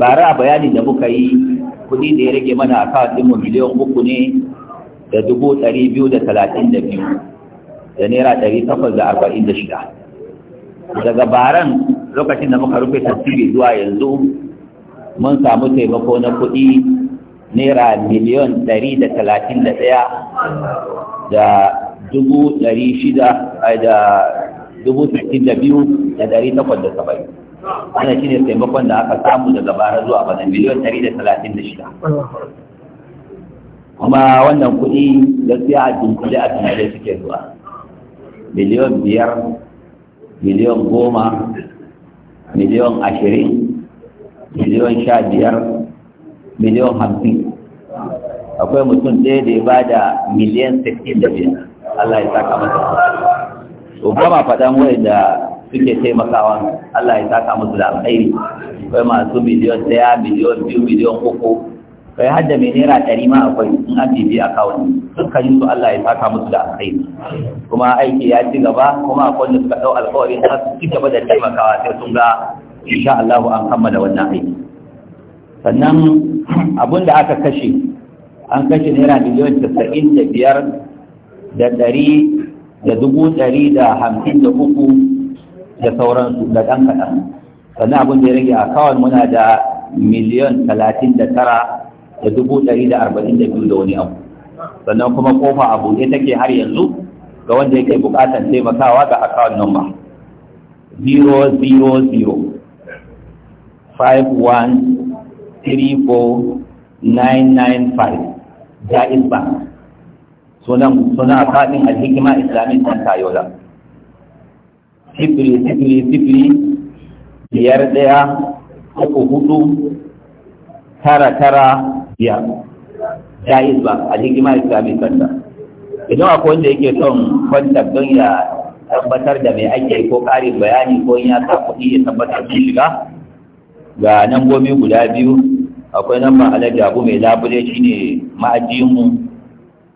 S1: bara a bayanin da muka yi kuɗi da ya rage mana a kawai mu miliyan uku ne da dubu ɗari biyu da talatin da biyu da naira ɗari takwas da arba'in da shida daga baran lokacin da muka rufe tasiri zuwa yanzu mun samu taimako na kuɗi naira miliyan ɗari da talatin da ɗaya da dubu ɗari shida eh, da dubu sittin da biyu da ɗari takwas da saba'in ana shi ne taimakon da aka samu daga bara zuwa bana miliyan ɗari da talatin da shida kuma wannan kuɗi gaskiya a dunkule a tunanin suke zuwa miliyan biyar miliyan goma miliyan ashirin miliyan sha biyar miliyan hamsin akwai mutum ɗaya da ya ba da miliyan sittin da biyar Allah ya saka
S3: masa
S1: to ba ma faɗan da suke taimakawa Allah ya saka musu da alkhairi akwai masu miliyon ɗaya miliyon biyu miliyon uku kai har da mai naira ɗari ma akwai in an bibi a kawai dukkanin su Allah ya saka musu da alkhairi kuma aiki ya ci gaba kuma akwai wanda suka ɗau alkhairi za su ci gaba da taimakawa sai sun ga insha Allah an kammala wannan aiki sannan abin da aka kashe an kashe naira miliyan tasa'in da biyar da ɗari da dubu ɗari da hamsin da uku da sauransu da ɗan kaɗan sannan abin da ya rage a kawai muna da miliyan talatin da tara da dubu ɗari da arba'in da biyu da wani abu sannan kuma kofa a buɗe take har yanzu ga wanda yake buƙatar taimakawa ga akawun nomba four, nine, nine, five, Jaiz Bank sunan suna faɗin alhikima islamic center tayola sifiri sifiri sifiri biyar ɗaya uku hudu tara tara biyar jaiz ba alhikima islamic center idan akwai wanda yake son kwanta don ya tabbatar da mai ake ko ƙarin bayani ko ya sa kuɗi ya tabbatar da shiga ga nan gomi guda biyu akwai nan ba alajabu mai labule shine ma'ajiyinmu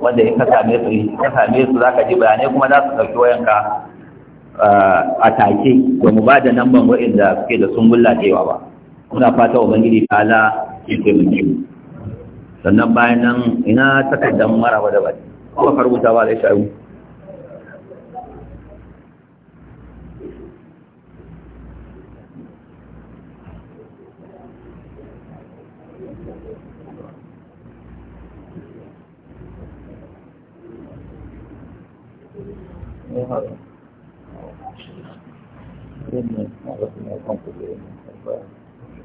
S1: wanda in ka same su ka same su zaka ji bayanai kuma za su dauki wayanka eh, a take ba mu ba da namban da suke da sun gullacewa ba muna fata wa ta ala ke taimake mu sannan bayan nan ina takardar maraba da ba kuma ka ta ba da shayu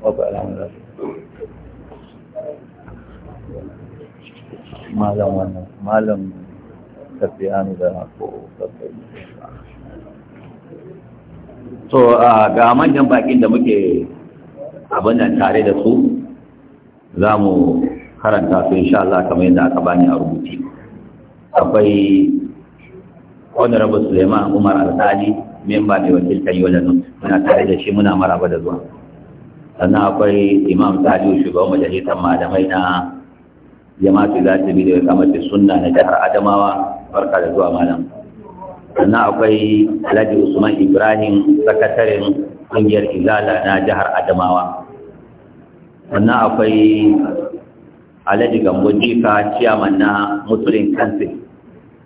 S1: babu alamun malam ko to ga manyan bakin da muke abin nan tare da su za mu karanta su insha Allah kamar yadda aka bani a rubuci akwai honorable suleiman umar al-sali memba da wakiltar yola muna tare da shi muna maraba da zuwa sannan akwai imam sadiu shugaban majalisar malamai na jama'atu za ta bi da ce sunna na jihar adamawa barka da zuwa malam sannan akwai alhaji usman ibrahim sakataren kungiyar izala na jihar adamawa sannan akwai alhaji gambo jika ciyaman na musulun kansil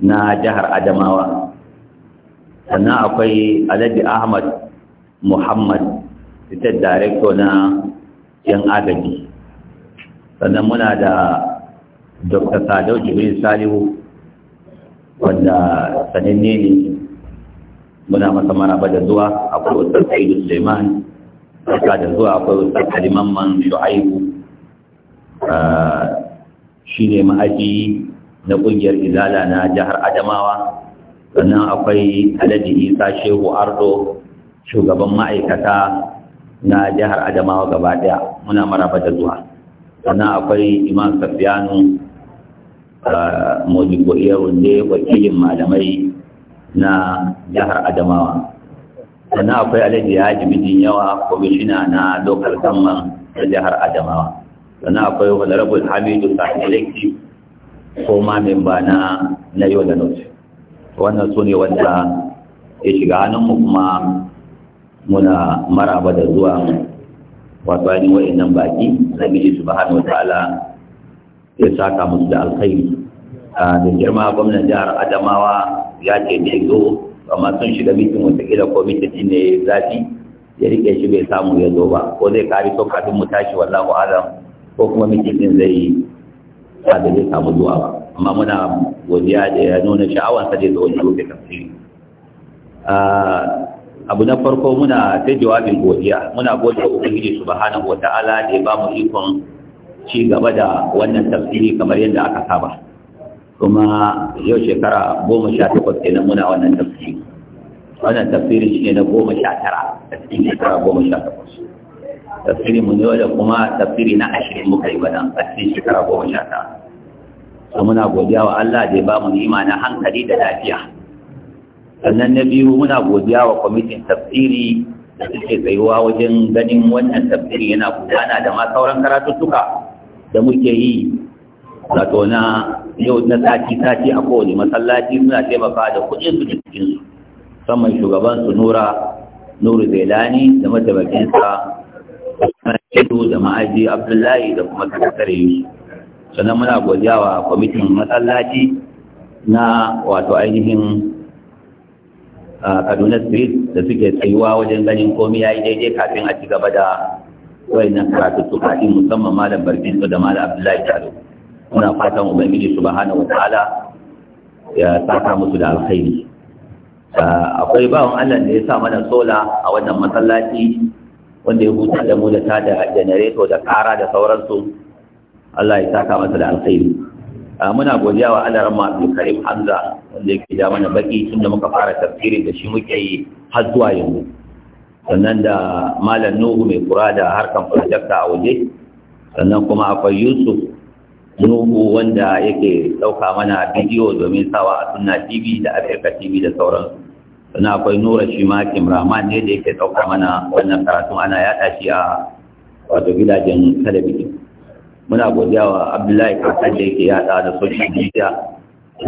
S1: na jihar adamawa sannan akwai alhaji ahmad muhammad da director na yan agaji sannan muna da dr sadau jibril salihu wanda sananne ne muna masa maraba da zuwa akwai ustar sa'idu suleiman da zuwa akwai ustar kalimamman shu'aibu shi ne ma'aji na ƙungiyar izala na jihar adamawa sannan akwai alhaji isa shehu ardo shugaban ma'aikata na jihar adamawa gaba daya muna maraba da zuwa sannan akwai imam safiyanu mojiko iya runde wakilin malamai na jihar adamawa sannan akwai alhaji ya ji yawa komishina na local government na jihar adamawa sannan akwai honorable hamidu sahilaiki ko ma memba na na yau da wannan su ne wanda ya shiga hannunmu kuma muna maraba da zuwa wato ainihin nan baki ubangiji subhanahu ta'ala ya saka musu da alkhairi da girma gwamnan jihar adamawa ya ce zai zo amma sun shiga mitin watakila ko mitin ne zafi ya rike shi bai samu ya zo ba ko zai kari so kafin mu tashi wallahu alam ko kuma mitin din zai ba da zai samu zuwa ba amma muna godiya da ya nuna sha'awansa da zo wani rufe tafsiri abu na farko muna ta jawabin godiya muna godiya ubangiji subhanahu wataala da ya bamu ikon ci gaba da wannan tafsiri kamar yadda aka saba kuma yau shekara goma sha takwas kenan muna wannan tafsiri wannan tafsiri shi ne na goma sha tara a cikin shekara goma sha takwas tafsiri mu ne wanda kuma tafsiri na ashirin muka yi bana a cikin shekara goma sha tara muna godiya wa Allah da ya bamu ni'ima na hankali da lafiya sannan na biyu muna godiya wa kwamitin tafsiri da suke tsayuwa wajen ganin wannan tafsiri yana gudana da ma sauran karatuttuka da muke yi Zato na yau na sati sati a kowane masallaci suna taimaka da kuɗin su da cikin su musamman shugaban su nura nuru zailani da mataimakinsa Shehu da ma'aji Abdullahi da kuma sakatare Yusuf. Sannan muna godiya wa kwamitin masallaci na wato ainihin a kaduna street da suke tsayuwa wajen ganin komi ya yi daidai kafin a ci gaba da nan karatu su kaɗi musamman malam barkin su da malam abdullahi taro muna fatan ubangiji subhanahu wataala ya saka musu da alkhairi akwai bawan allah da ya sa mana sola a wannan masallaci wanda ya huta da mu da ta da janareto da kara da sauransu allah ya saka masa da alkhairi Ah, muna godiya wa Allah ramma Abdul Karim Hamza wanda yake da mana baki tunda da muka fara tafsiri da shi muke yi har zuwa yanzu sannan da malam Nuhu mai kura da harkan project a waje sannan kuma akwai Yusuf Nuhu wanda yake ɗauka mana bidiyo domin sawa a Sunna TV da Africa TV da sauran sannan akwai nura shi ma ne da yake ɗauka mana wannan karatun ana yaɗa shi a wato gidajen talabijin muna godiya wa abdullahi kasar da yake yada da social media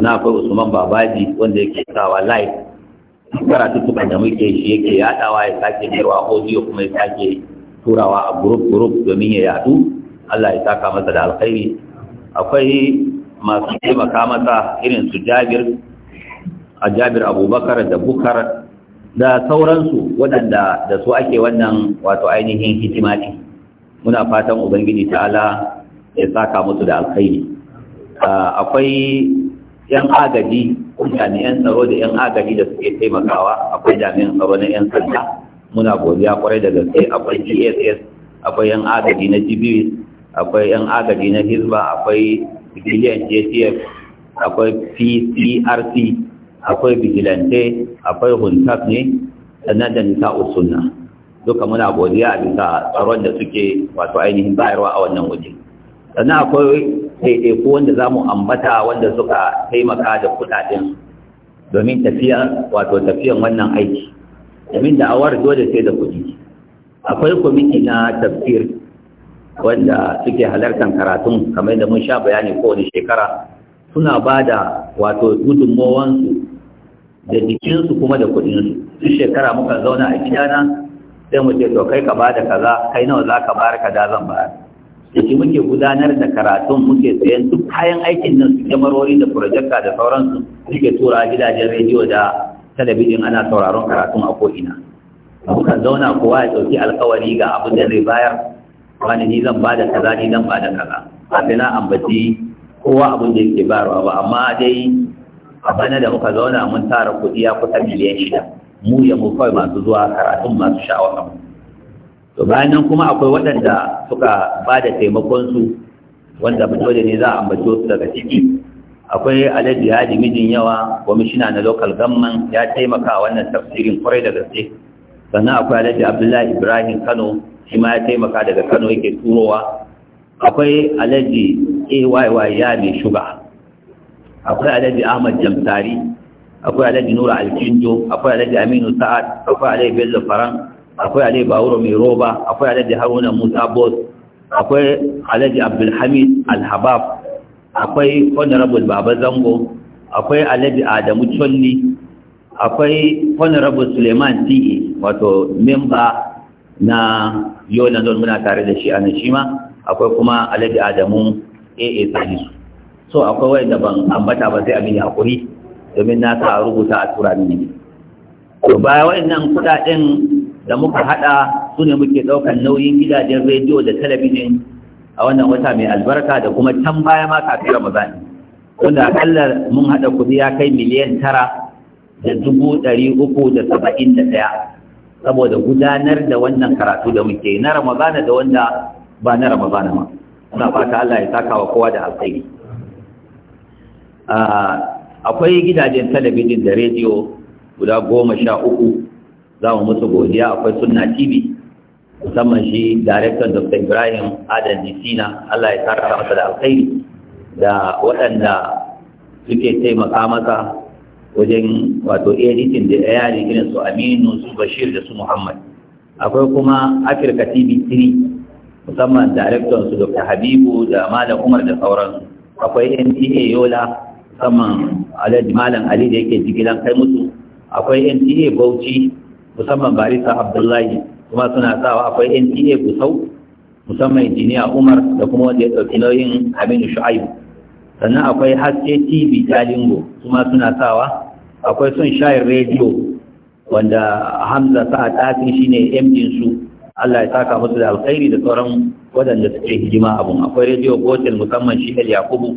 S1: na akwai usman babaji wanda yake sawa live karatu tukan da muke shi yake yadawa ya sake mayarwa audio kuma ya sake turawa a group group domin ya yadu Allah ya saka masa da alkhairi akwai masu taimaka masa irin su jabir a jabir abubakar da bukar da sauransu waɗanda da su ake wannan wato ainihin hikimati muna fatan ubangiji ta'ala ya saka musu da alkhairi ah, akwai yan agaji jami'an tsaro da yan agaji da suke taimakawa akwai jami'an tsaro na yan sanda muna godiya kwarai da gaske akwai gss akwai yan agaji na gbs akwai yan agaji na hizba akwai civilian jtf akwai pcrc akwai vigilante akwai huntak ne sannan da nisa usunna duka muna godiya a bisa tsaron da suke wato ainihin bayarwa a wannan waje sannan akwai daidaiku wanda za mu ambata wanda suka taimaka da kudaden domin tafiya wato tafiyan wannan aiki domin da awar dole sai da kuɗi akwai kwamiti na tafsir wanda suke halartar karatun kamar da mun sha bayani kowane shekara suna ba da wato gudunmowansu da jikinsu kuma da kuɗinsu su shekara muka zauna a gidana sai mu ce to kai ka ba da kaza kai nawa za ka bayar ka da zan bayar da shi muke gudanar da karatun muke sayan duk kayan aikin nan su kyamarori da furojekta da sauransu suke tura gidajen rediyo da talabijin ana sauraron karatun a ko'ina kan zauna kowa ya ɗauki alkawari ga abin da zai bayar wani ni zan bada kaza ni zan bada kaza a sai na ambaci kowa abin da yake bayarwa ba amma dai a bana da muka zauna mun tara kuɗi ya kusa miliyan shida mu ya mu kawai masu zuwa karatun masu sha'awa to bayan nan kuma akwai waɗanda suka ba da taimakonsu wanda fito da ne za a ambaci su daga ciki akwai alhaji hadi mijin yawa kwamishina na local gamman ya taimaka wannan tafsirin kwarai da gaske sannan akwai alhaji abdullahi ibrahim kano shi ma ya taimaka daga kano yake turowa akwai alhaji ayy ya mai shuga akwai alhaji ahmad jamtari akwai alhaji nura alkinjo akwai alhaji aminu sa'ad akwai alhaji bello faran akwai alai bawuro mai roba akwai alai haruna musa bos akwai alai abdulhamid alhabab akwai honorable baba zango akwai alai adamu cholli akwai honorable suleiman ti wato memba na yau london muna tare da shi a nan shi ma akwai kuma alai adamu aa salisu so akwai da ban ambata ba sai a mini hakuri domin na sa rubuta a tura mini to baya nan kudaden da muka haɗa su ne muke ɗaukar nauyin gidajen rediyo da talabijin a wannan wata mai albarka da kuma can baya ma kafin ramadan wanda akalla mun haɗa kuɗi ya kai miliyan tara da dubu ɗari uku da saba'in da ɗaya saboda gudanar da wannan karatu da muke na ramadana da wanda ba na ramadana ma ina fata Allah ya saka wa kowa da alkhairi ah, akwai gidajen talabijin da rediyo guda goma sha uku za mu musu godiya akwai sunna tv musamman shi director dr ibrahim adam jisina allah ya karka masa da alkhairi da waɗanda suke taimaka masa wajen wato editing da yi irin su aminu su bashir da su muhammad akwai kuma afirka tv 3 musamman director su dr habibu da malam umar da sauransu akwai nta yola musamman alhaji malam ali da yake jigilan kai musu akwai nta bauchi musamman barisa abdullahi kuma suna sawa akwai nta gusau musamman injiniya umar da kuma wanda ya ɗauki nauyin aminu shu'aibu sannan akwai haske tv lingo kuma suna sawa akwai sun shayin rediyo wanda hamza sa'a tasi shine emjin su allah ya saka musu da alkhairi da sauran waɗanda suke hijima abun akwai rediyo gotel musamman shi el yakubu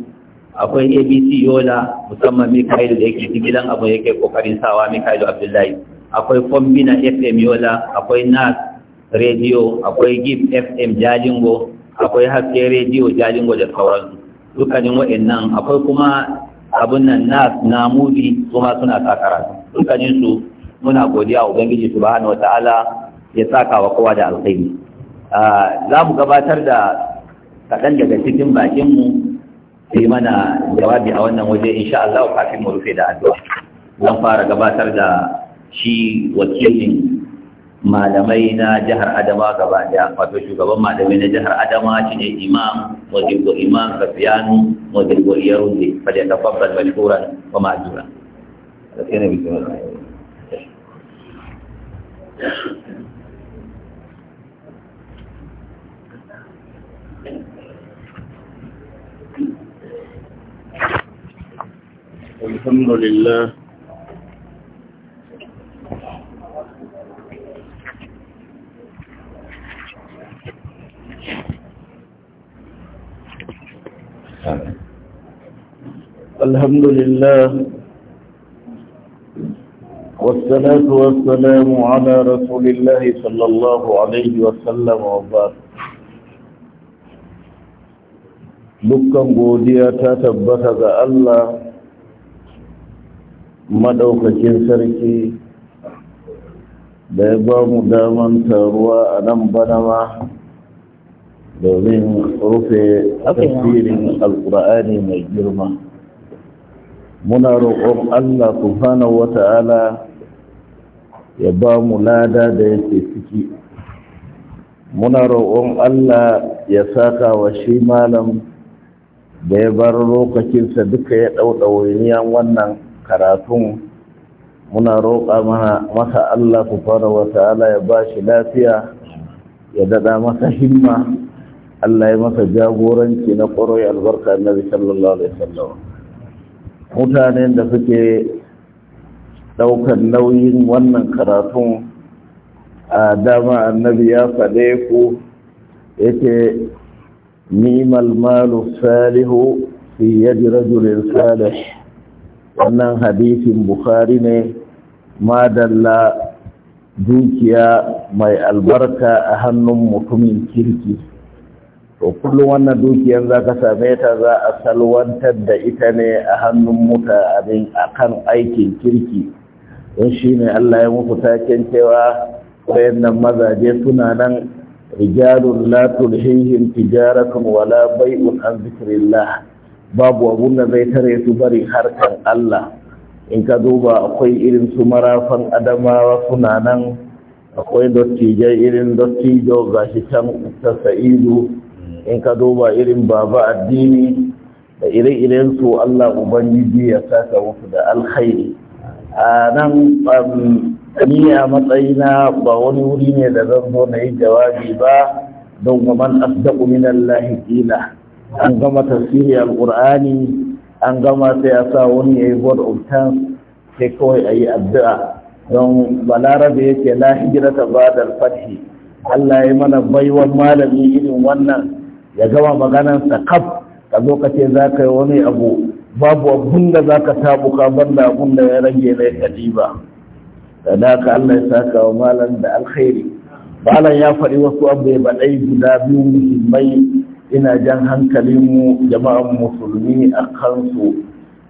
S1: akwai abc yola musamman mikhail da yake gidan abun yake kokarin sawa mikhail abdullahi akwai kombina fm yola akwai nas radio akwai gif fm jalingo akwai haske radio jalingo da sauransu dukkanin wa'annan akwai kuma abin nan nas na mubi kuma suna suna karatu dukkanin su muna godiya a ubangiji subhanahu wataala ya saka wa kowa da alkhairi za mu gabatar da kaɗan daga cikin bakinmu su yi mana jawabi a wannan waje insha Allah kafin mu rufe da addu'a zan fara gabatar da shi wakilin malamai na jihar adama gaba daya wato shugaban malamai na jihar adama shi ne imam wajen imam kafiyanu wajen go iya runde fadai ta fabbal mashhuran wa ma'ajura الحمد
S3: لله
S1: الحمد لله والصلاة والسلام على رسول الله صلى الله عليه وسلم وبعد dukkan godiya ta tabbata ga Allah madaukakin sarki da ya ba mu daman taruwa a nan banama domin rufe tafsirin alkur'ani mai girma muna roƙon allah subhanahu ta'ala ya ba mu lada da yake ciki muna roƙon allah ya saka wa shi malam da ya bar lokacinsa duka ya niyan wannan karatun muna roƙa masa allah subhanahu ta'ala ya ba shi lafiya ya daɗa masa himma Allah ya masa jagoranci na ƙwarai albarka annabi sallallahu alaihi wasallam mutanen da suke ɗaukar nauyin wannan karatun a dama annabi ya faɗe ku yake nimal malu salihu fi yadi rajulin salih wannan hadisin bukhari ne madalla dukiya mai albarka a hannun mutumin kirki kullum wannan dukiyar za ka same ta za a salwantar da ita ne a hannun muta abin a kan aikin kirki don shi ne Allah ya muku taken cewa wayannan mazaje suna nan rijalun la tulhihim tijaratun wala bai'un an zikrillah babu abun da zai tare su bari harkar Allah in ka duba akwai irin su marafan adamawa suna nan akwai dottijai irin dottijo gashi can ta sa'idu in ka duba irin baba addini da ire-iren su Allah Ubangiji ya saka musu da alkhairi a nan um, ni a matsayina ba wani wuri ne da zan zo na yi jawabi ba don gaban asdaqu min Allah an gama tafsiri alqur'ani an gama sai a sa wani yayi word of thanks sai kawai ayi addu'a don balarabe yake la hijrata ba'da al fathi Allah ya mana baiwan malami irin wannan ya gama maganarsa kaf ka zo ka ce za ka yi wani abu babu abun da za ka ban da abun da ya rage na ba da na ka Allah ya saka wa malam da alkhairi malam ya faɗi wasu abu ya baɗai guda biyu muhimmai ina jan mu jama'an musulmi a kansu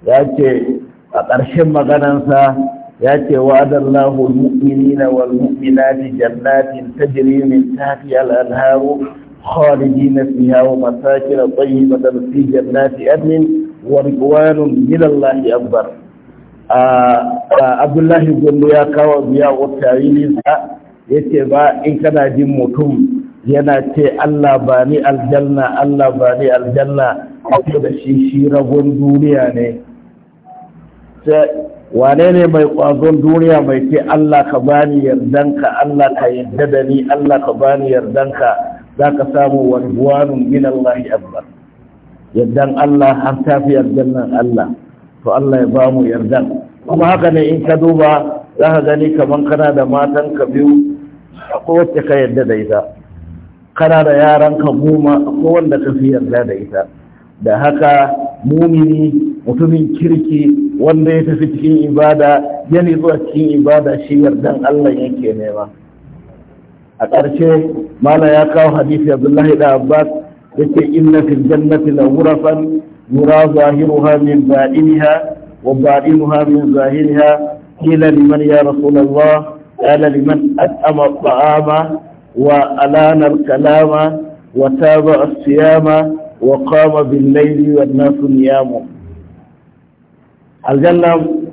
S1: ya ce a ƙarshen maganarsa Yace ce wa adallahu al-mu'mini na wal-mu'minati jannatin tajri min tahtiha al-anharu khalidina fiha wa masakin tayyibatan fi jannati adnin wa ridwanun min Allah abdullahi gondo ya kawo biya wa tarihi sa yace ba in kana jin mutum yana ce Allah bani ni aljanna Allah ba ni aljanna da shi shi rabon duniya ne wane ne mai ƙwazon duniya mai ce Allah ka bani yardanka Allah ka yarda da ni Allah ka bani yardanka za ka samu warbuwanun min Allah akbar yardan Allah har ta fi yardan nan Allah to Allah ya bamu yardan kuma haka ne in ka duba za ka gani kamar kana da matan ka biyu a kowace ka yarda da ita kana da yaran ka goma a kowanda ka fi yarda da ita da haka mumini mutumin kirki wanda ya tafi cikin ibada ya zuwa cikin ibada shi yardan Allah yake nema a ƙarshe mala ya kawo hadisi abdullahi da abbas yake inna fil jannati la ghurafan yura zahiruha min ba'inha wa ba'inuha min zahiriha qila liman ya rasulullah qala liman at'ama at'ama wa alana al-kalama wa taba as-siyama wa kama bil-layli nasu niyamu aljanna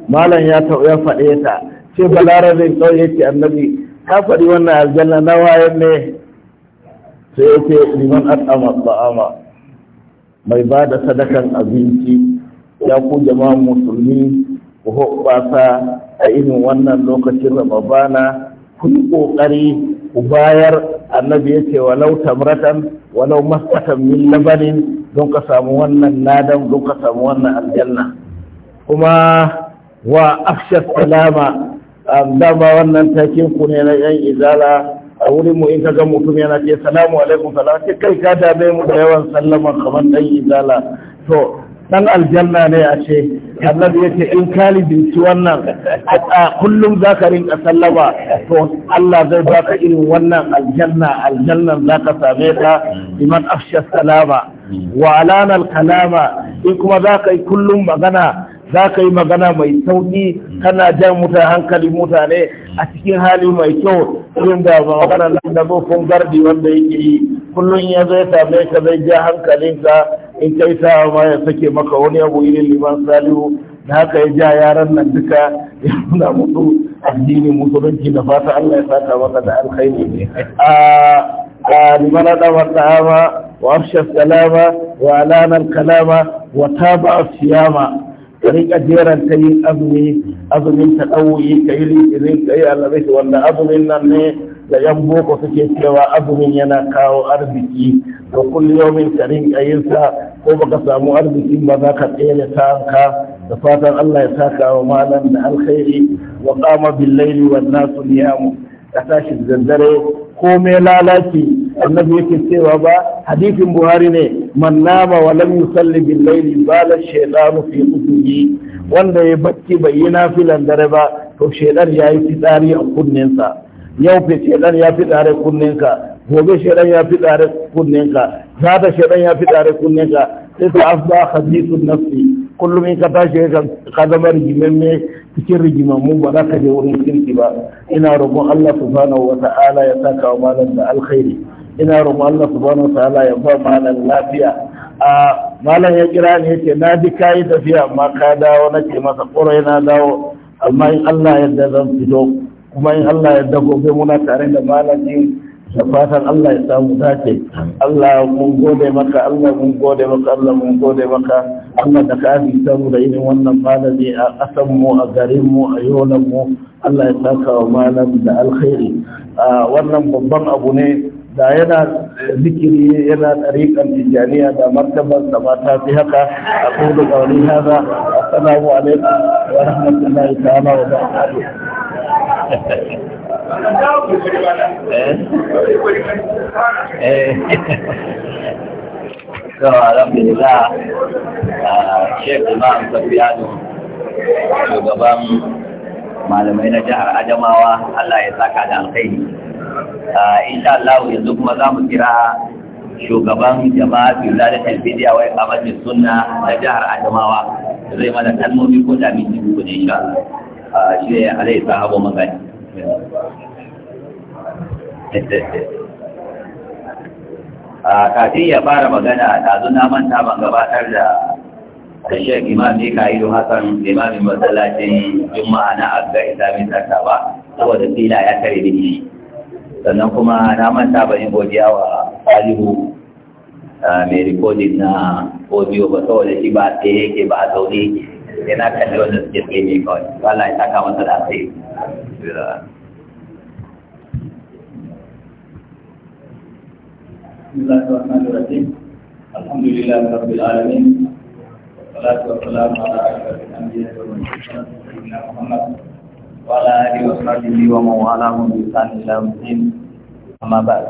S1: malam ya taɓa ya faɗe ta ce balarabin kawai yake annabi ka faɗi wannan aljanna na wayan ne
S3: sai ce liman at'ama
S1: ba'ama mai ba da sadakan abinci ya ku jama'a musulmi ku hoɓasa a irin wannan lokacin rababana ku yi ƙoƙari ku bayar annabi ya ce walau tamratan walau masatan min labanin don ka samu wannan nadan don ka samu wannan aljanna kuma wa afshar salama dama wannan takin ku ne na yan izala a wurin mu in ka ga mutum yana ce salamu alaikum salam ce kai ka dame mu da yawan sallama kamar dan izala to dan aljanna ne a ce annabi ya ce in ka libinci wannan a kullum za ka rinka sallama to Allah zai baka irin wannan aljanna aljannan za ka same ta liman afsha salama wa alana kalama in kuma za ka yi kullum magana za ka yi magana mai sauƙi kana jan mutane hankali mutane a cikin hali mai kyau irin da magana nan da bukun gardi wanda yake yi kullum ya zai same ka zai ja hankalinka in kai ta ma ya sake maka wani abu irin liman salihu da haka ya ja yaran nan duka ya nuna musu addini musulunci da fata Allah ya saka maka da alkhairi a liman adawar da'ama wa afshar salama wa alanar kalama wa taba siyama ka rika jeran ta yin azumi azumin ta ɗauyi ka yi litinin ka yi alabai wanda azumin nan ne da yan boko suke cewa azumin yana kawo arziki to kullum yaumin ka rinka yin sa ko baka samu arziki ba za ka tsere ta ka da fatan Allah ya saka wa malam da alkhairi wa qama bil laili nasu niyamu ka tashi da ko me lalaci annabi yake cewa ba hadisin buhari ne man nama wa lam yusalli bil layli bala shaytanu fi wanda ya bacci bai yi nafilan dare ba to shaytan ya yi fitari a sa yau fi shaytan ya fitsare ka gobe shaytan ya fitsare ka zata shaytan ya fitsare kunninka sai ta asba hadisun nafsi kullum in ka tashi ka zama rigimamme cikin rigimammu ba za ka je wurin kirki ba ina roƙon Allah subhanahu wa ta'ala ya saka wa malam da alkhairi ina roƙon Allah subhanahu ta'ala ya ba malam lafiya a malam ya kira ni yace na ji kayi tafiya amma ka dawo nake masa ƙorai na dawo amma in Allah yadda zan fito kuma in Allah yadda gobe muna tare da malamin da fatan Allah ya samu dace Allah mun gode maka Allah mun gode maka Allah mun gode maka Allah da ka ta da irin wannan malami a ƙasan mu a garin mu a yolan mu Allah ya saka wa malam da alkhairi wannan babban abu ne da yana zikiri yana tsariƙar tijjaniya da martabar da mata fi haka a kudu ƙauri haza assalamu alaikum wa
S3: rahmatullahi ta'ala wa barakatuh to eh? eh.
S1: alhamdulillah uh, sheikh imam safiyanu shugaban malamai na jihar adamawa allah ya saka da alkhairi Ah, insha Allah yanzu kuma za mu kira shugaban jama'a biyu da talbidiya wai kamar sunna na jihar Adamawa zai mana kalmomi ko da ko uku ne insha Allah ah, shi ne alai sahabo magani ah, kafin ya fara magana ta zuna manta ban gabatar da da shi imam ne ka ido hasan limamin masallacin juma'a na agga islamin sarta ba saboda fila ya tare da ni. sannan kuma na manta ba yin godiya wa salihu mai rikodin na audio ba saboda shi ba tsaye yake ba a zaune yana kalli wanda suke tsaye ne kawai wala ya saka masa da tsaye بسم الله وعلى آله وصحبه ومن والاه بإحسان إلى يوم الدين أما بعد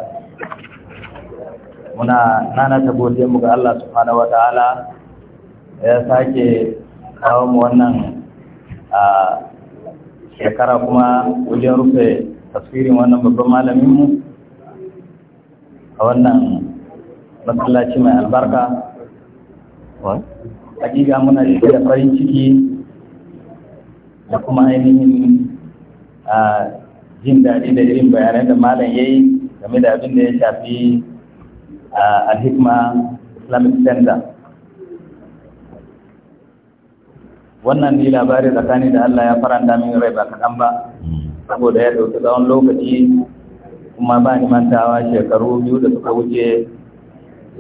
S1: muna nana ta godiya mu ga Allah subhanahu ta'ala. ya sake kawo mu wannan a shekara kuma wajen rufe tasirin wannan babban malamin mu. a wannan masallaci mai albarka hakika muna da farin ciki da kuma ainihin jin daɗi da irin bayanai da malam ya yi game da abin da ya shafi alhikma islamic center wannan ni labari tsakani da Allah ya faranta min rai ba kaɗan ba saboda ya ɗauki tsawon lokaci kuma ba ni mantawa shekaru biyu da suka wuce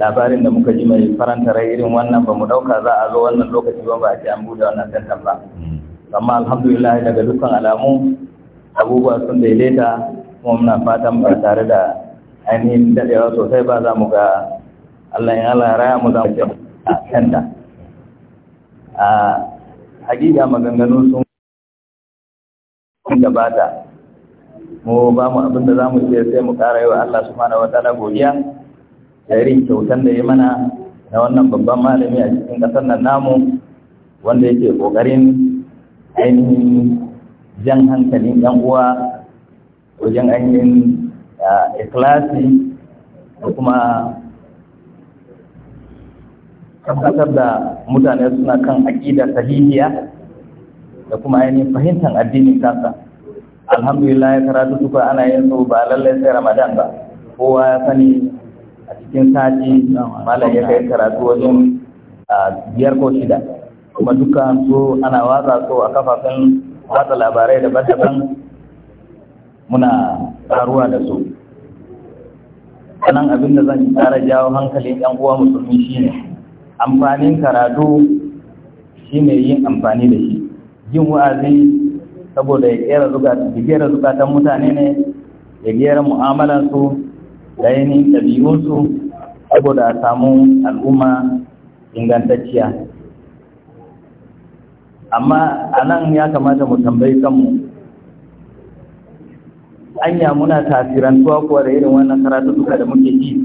S1: labarin da muka ji mai faranta rai irin wannan ba mu ɗauka za a zo wannan lokaci ba ba a ce an buɗe wannan tantan ba amma alhamdulillah daga dukkan alamu abubuwa sun daidaita kuma muna fatan ba tare da ainihin daɗewa sosai ba za mu ga Allah ya Allah raya mu za mu ce a da. a hakika maganganu sun gabata mu ba mu abin da za mu ce sai mu ƙara yi Allah su wa wata godiya da kyautan da ya mana na wannan babban malami a cikin ƙasar nan namu wanda yake ƙoƙarin ainihin jan hankalin yan uwa wajen ainihin ikilasi da kuma tabbatar da mutane suna kan aƙida sahihiya da kuma ainihin fahimtar addinin kasa alhamdulillah ya karatu suka ana yin su ba lallai sai ramadan ba kowa ya sani a cikin sati malam ya kai karatu wajen biyar ko shida kuma dukkan su ana watsa su a kafafen watsa labarai daban-daban muna karuwa da su sanan abin da zan tsara jawo hankalin yan uwa musulmi shine amfanin karatu shine yin amfani da shi yin wa'azi saboda ya kera zukatan mutane ne ya gera mu'amalar su da yanin ɗabi'unsu saboda a samu al'umma ingantacciya amma a nan ya kamata mu tambayi kanmu anya muna tasirantuwa kuwa da irin wannan karatu duka da muke yi